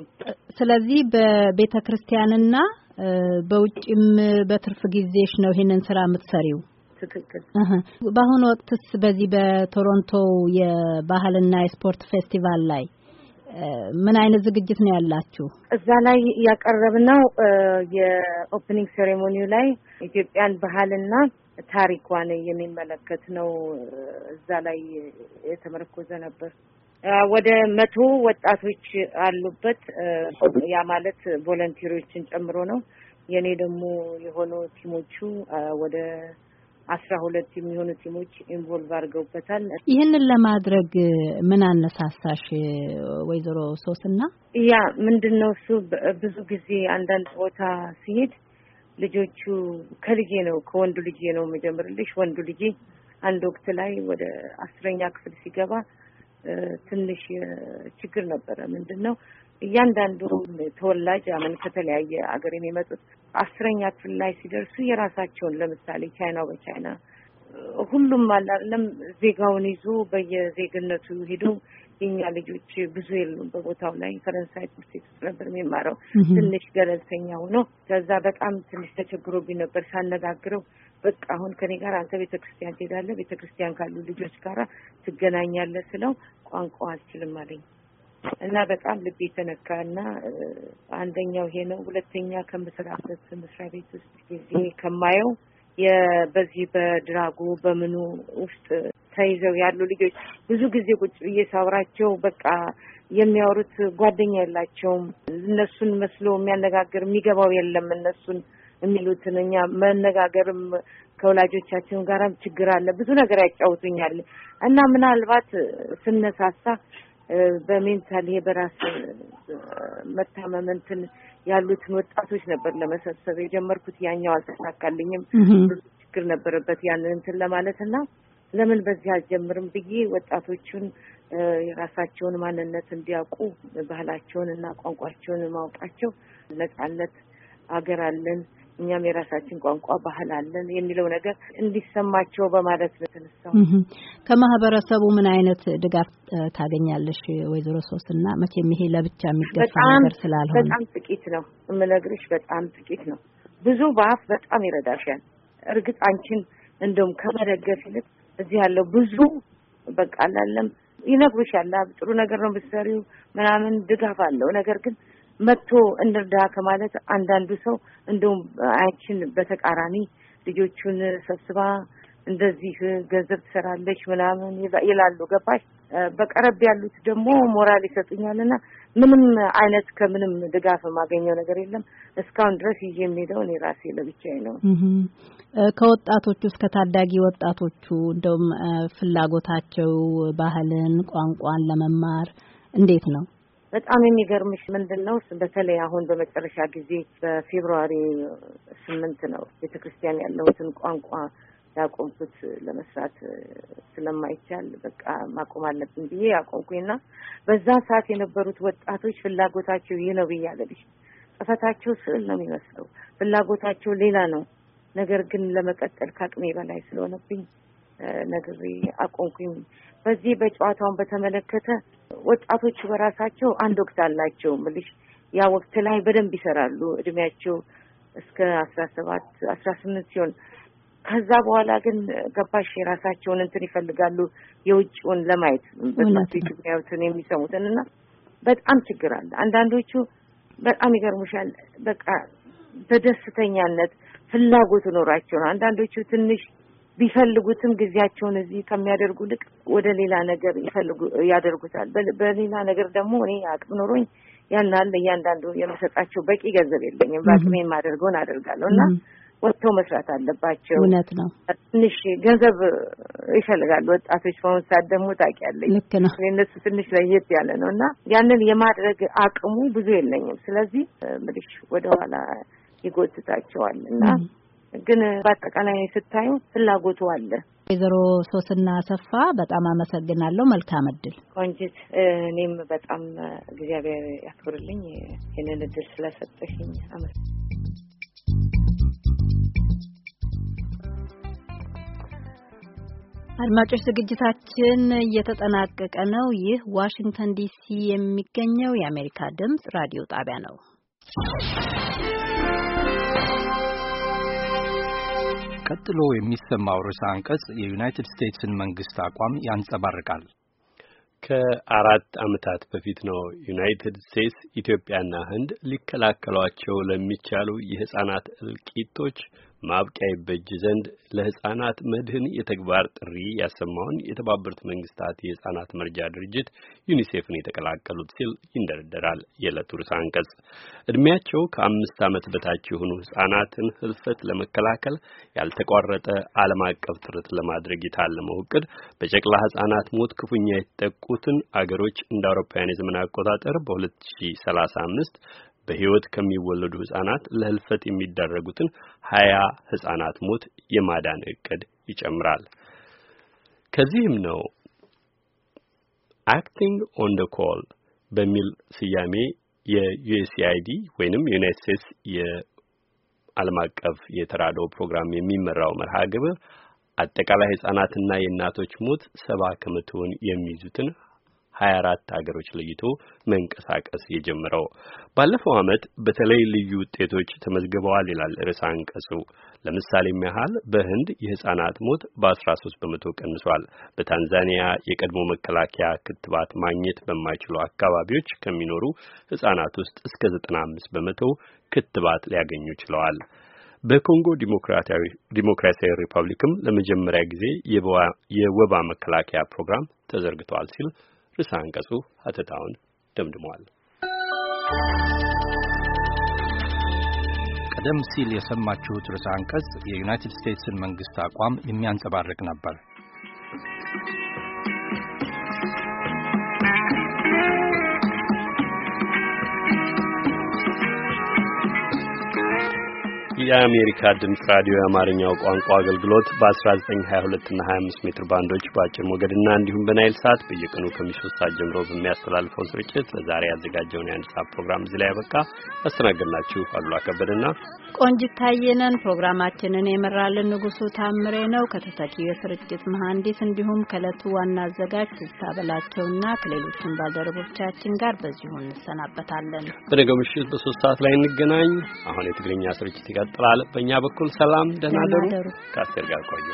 ስለዚህ በቤተ ክርስቲያንና በውጭም በትርፍ ጊዜሽ ነው ይህንን ስራ የምትሰሪው? ትክክል። በአሁኑ ወቅትስ በዚህ በቶሮንቶ የባህልና የስፖርት ፌስቲቫል ላይ ምን አይነት ዝግጅት ነው ያላችሁ? እዛ ላይ ያቀረብነው የኦፕኒንግ ሴሬሞኒው ላይ ኢትዮጵያን ባህልና ታሪኳን የሚመለከት ነው። እዛ ላይ የተመረኮዘ ነበር። ወደ መቶ ወጣቶች አሉበት። ያ ማለት ቮለንቲሮችን ጨምሮ ነው። የኔ ደግሞ የሆኑ ቲሞቹ ወደ አስራ ሁለት የሚሆኑ ቲሞች ኢንቮልቭ አድርገውበታል። ይህንን ለማድረግ ምን አነሳሳሽ ወይዘሮ ሶስና? ያ ምንድን ነው እሱ ብዙ ጊዜ አንዳንድ ቦታ ሲሄድ ልጆቹ ከልጄ ነው ከወንዱ ልጄ ነው መጀመርልሽ ወንዱ ልጄ አንድ ወቅት ላይ ወደ አስረኛ ክፍል ሲገባ ትንሽ ችግር ነበረ። ምንድን ነው እያንዳንዱ ተወላጅ አመን ከተለያየ ሀገር የሚመጡት አስረኛ ክፍል ላይ ሲደርሱ የራሳቸውን ለምሳሌ ቻይናው በቻይና ሁሉም አላለም ዜጋውን ይዞ በየዜግነቱ ሄዶ የኛ ልጆች ብዙ የሉም በቦታው ላይ ፈረንሳይ ትምህርት ቤት ውስጥ ነበር የሚማረው ትንሽ ገለልተኛ ሆኖ ከዛ በጣም ትንሽ ተቸግሮብኝ ነበር ሳነጋግረው በቃ አሁን ከኔ ጋር አንተ ቤተ ክርስቲያን ትሄዳለህ ቤተ ክርስቲያን ካሉ ልጆች ጋራ ትገናኛለህ ስለው ቋንቋ አልችልም አለኝ እና በጣም ልብ የተነካ እና አንደኛው ይሄ ነው። ሁለተኛ ከምሰራበት መስሪያ ቤት ውስጥ ጊዜ ከማየው በዚህ በድራጉ በምኑ ውስጥ ተይዘው ያሉ ልጆች ብዙ ጊዜ ቁጭ ብዬ ሳውራቸው በቃ የሚያወሩት ጓደኛ የላቸውም። እነሱን መስሎ የሚያነጋግር የሚገባው የለም። እነሱን የሚሉትን እኛ መነጋገርም ከወላጆቻችን ጋራም ችግር አለ። ብዙ ነገር ያጫውቱኛል እና ምናልባት ስነሳሳ በሜንታል ይሄ በራስ መታመም እንትን ያሉትን ወጣቶች ነበር ለመሰብሰብ የጀመርኩት። ያኛው አልተሳካልኝም፣ ብዙ ችግር ነበረበት ያንን እንትን ለማለት እና ለምን በዚህ አልጀምርም ብዬ ወጣቶቹን የራሳቸውን ማንነት እንዲያውቁ ባህላቸውን እና ቋንቋቸውን ማውቃቸው ነጻነት አገር አለን እኛም የራሳችን ቋንቋ ባህል አለን የሚለው ነገር እንዲሰማቸው በማለት ነው የተነሳው። ከማህበረሰቡ ምን አይነት ድጋፍ ታገኛለሽ ወይዘሮ ሶስት? እና መቼም ይሄ ለብቻ የሚገፋ ነገር ስላልሆነ በጣም ጥቂት ነው የምነግርሽ፣ በጣም ጥቂት ነው። ብዙ በአፍ በጣም ይረዳሻል። እርግጥ አንቺን እንደውም ከመደገፍ ይልቅ እዚህ ያለው ብዙ በቃ አላለም ይነግሩሻል። ጥሩ ነገር ነው ብትሰሪው ምናምን ድጋፍ አለው። ነገር ግን መጥቶ እንርዳ ከማለት አንዳንዱ ሰው እንደውም አያችን በተቃራኒ ልጆቹን ሰብስባ እንደዚህ ገንዘብ ትሰራለች ምናምን ይላሉ። ገባሽ? በቀረብ ያሉት ደግሞ ሞራል ይሰጡኛልና ምንም አይነት ከምንም ድጋፍ የማገኘው ነገር የለም። እስካሁን ድረስ ይዤ የሚሄደው እኔ ራሴ ለብቻዬ ነው። ከወጣቶቹ እስከ ታዳጊ ወጣቶቹ እንደውም ፍላጎታቸው ባህልን፣ ቋንቋን ለመማር እንዴት ነው? በጣም የሚገርምሽ ምንድን ነው በተለይ አሁን በመጨረሻ ጊዜ በፌብርዋሪ ስምንት ነው ቤተ ክርስቲያን ያለሁትን ቋንቋ ያቆምኩት ለመስራት ስለማይቻል በቃ ማቆም አለብን ብዬ ያቆምኩኝና በዛ ሰዓት የነበሩት ወጣቶች ፍላጎታቸው ይህ ነው ብዬ አለልሽ። ጽፈታቸው ስዕል ነው የሚመስለው፣ ፍላጎታቸው ሌላ ነው። ነገር ግን ለመቀጠል ከአቅሜ በላይ ስለሆነብኝ ነግሬ አቆምኩኝ። በዚህ በጨዋታውን በተመለከተ ወጣቶቹ በራሳቸው አንድ ወቅት አላቸው ምልሽ ያ ወቅት ላይ በደንብ ይሰራሉ። እድሜያቸው እስከ አስራ ሰባት አስራ ስምንት ሲሆን ከዛ በኋላ ግን ገባሽ የራሳቸውን እንትን ይፈልጋሉ የውጭውን ለማየት በትምህርት የሚሰሙትን እና በጣም ችግር አለ። አንዳንዶቹ በጣም ይገርሙሻል። በቃ በደስተኛነት ፍላጎት ኖራቸው ነው። አንዳንዶቹ ትንሽ ቢፈልጉትም ጊዜያቸውን እዚህ ከሚያደርጉ ልቅ ወደ ሌላ ነገር ይፈልጉ ያደርጉታል። በሌላ ነገር ደግሞ እኔ አቅም ኖሮኝ ያናል እያንዳንዱ የምሰጣቸው በቂ ገንዘብ የለኝም። በአቅሜ የማደርገውን አደርጋለሁ እና ወጥተው መስራት አለባቸው። እውነት ነው። ትንሽ ገንዘብ ይፈልጋሉ ወጣቶች በአሁኑ ሰዓት ደግሞ ታውቂያለሽ። ልክ ነው። እነሱ ትንሽ ለየት ያለ ነው እና ያንን የማድረግ አቅሙ ብዙ የለኝም። ስለዚህ ምልሽ ወደኋላ ይጎትታቸዋል እና ግን በአጠቃላይ ስታዩ ፍላጎቱ አለ። ወይዘሮ ሶስና ሰፋ በጣም አመሰግናለሁ። መልካም እድል ቆንጅት። እኔም በጣም እግዚአብሔር ያክብርልኝ ይህንን እድል ስለሰጠሽኝ አመሰግናለሁ። አድማጮች ዝግጅታችን እየተጠናቀቀ ነው። ይህ ዋሽንግተን ዲሲ የሚገኘው የአሜሪካ ድምጽ ራዲዮ ጣቢያ ነው። ቀጥሎ የሚሰማው ርዕሰ አንቀጽ የዩናይትድ ስቴትስን መንግስት አቋም ያንጸባርቃል። ከአራት ዓመታት በፊት ነው ዩናይትድ ስቴትስ ኢትዮጵያና ህንድ ሊከላከሏቸው ለሚቻሉ የህጻናት እልቂቶች ማብቂያ ይበጅ ዘንድ ለሕፃናት መድህን የተግባር ጥሪ ያሰማውን የተባበሩት መንግስታት የሕፃናት መርጃ ድርጅት ዩኒሴፍን የተቀላቀሉት ሲል ይንደረደራል የዕለቱ ርዕሰ አንቀጽ። ዕድሜያቸው ከአምስት ዓመት በታች የሆኑ ሕፃናትን ህልፈት ለመከላከል ያልተቋረጠ ዓለም አቀፍ ጥረት ለማድረግ የታለመው እቅድ በጨቅላ ሕፃናት ሞት ክፉኛ የተጠቁትን አገሮች እንደ አውሮፓውያን የዘመን አቆጣጠር በ2035 በህይወት ከሚወለዱ ህፃናት ለህልፈት የሚዳረጉትን ሀያ ህፃናት ሞት የማዳን እቅድ ይጨምራል። ከዚህም ነው አክቲንግ ኦን ደ ኮል በሚል ስያሜ የዩኤስኤአይዲ ወይንም የዩናይትድ ስቴትስ የዓለም አቀፍ የተራድኦ ፕሮግራም የሚመራው መርሃ ግብር አጠቃላይ ህጻናትና የእናቶች ሞት ሰባ ከመቶውን የሚይዙትን 24 ሀገሮች ለይቶ መንቀሳቀስ የጀመረው ባለፈው ዓመት በተለይ ልዩ ውጤቶች ተመዝግበዋል ይላል ርዕሰ አንቀጹ። ለምሳሌም ያህል በህንድ የህፃናት ሞት በ13 በመቶ ቀንሷል። በታንዛኒያ የቀድሞ መከላከያ ክትባት ማግኘት በማይችሉ አካባቢዎች ከሚኖሩ ህፃናት ውስጥ እስከ 95 በመቶ ክትባት ሊያገኙ ችለዋል። በኮንጎ ዲሞክራሲያዊ ሪፐብሊክም ለመጀመሪያ ጊዜ የወባ መከላከያ ፕሮግራም ተዘርግቷል ሲል ርዕሰ አንቀጹ ሀተታውን ደምድሟል። ቀደም ሲል የሰማችሁት ርዕሰ አንቀጽ የዩናይትድ ስቴትስን መንግሥት አቋም የሚያንጸባርቅ ነበር። የአሜሪካ ድምፅ ራዲዮ የአማርኛው ቋንቋ አገልግሎት በ1922 እና 25 ሜትር ባንዶች በአጭር ሞገድና እንዲሁም በናይል ሰዓት በየቀኑ ከምሽቱ ሰዓት ጀምሮ በሚያስተላልፈው ስርጭት ለዛሬ ያዘጋጀውን የአንድ ሰዓት ፕሮግራም እዚህ ላይ ያበቃ። አስተናገድናችሁ አሉላ ከበደና ቆንጂት ፕሮግራማችንን የመራልን ንጉሱ ታምሬ ነው። ከተተኪው የስርጭት መሐንዲስ እንዲሁም ከእለቱ ዋና አዘጋጅ ትዝታ በላቸውና ከሌሎችን ባልደረቦቻችን ጋር በዚሁ እንሰናበታለን። በነገው ምሽት በሶስት ሰዓት ላይ እንገናኝ። አሁን የትግርኛ ስርጭት ይቀጥላል። ይቀጥላል። በእኛ በኩል ሰላም፣ ደህና ደሩ። ከአስቴር ጋር ቆዩ።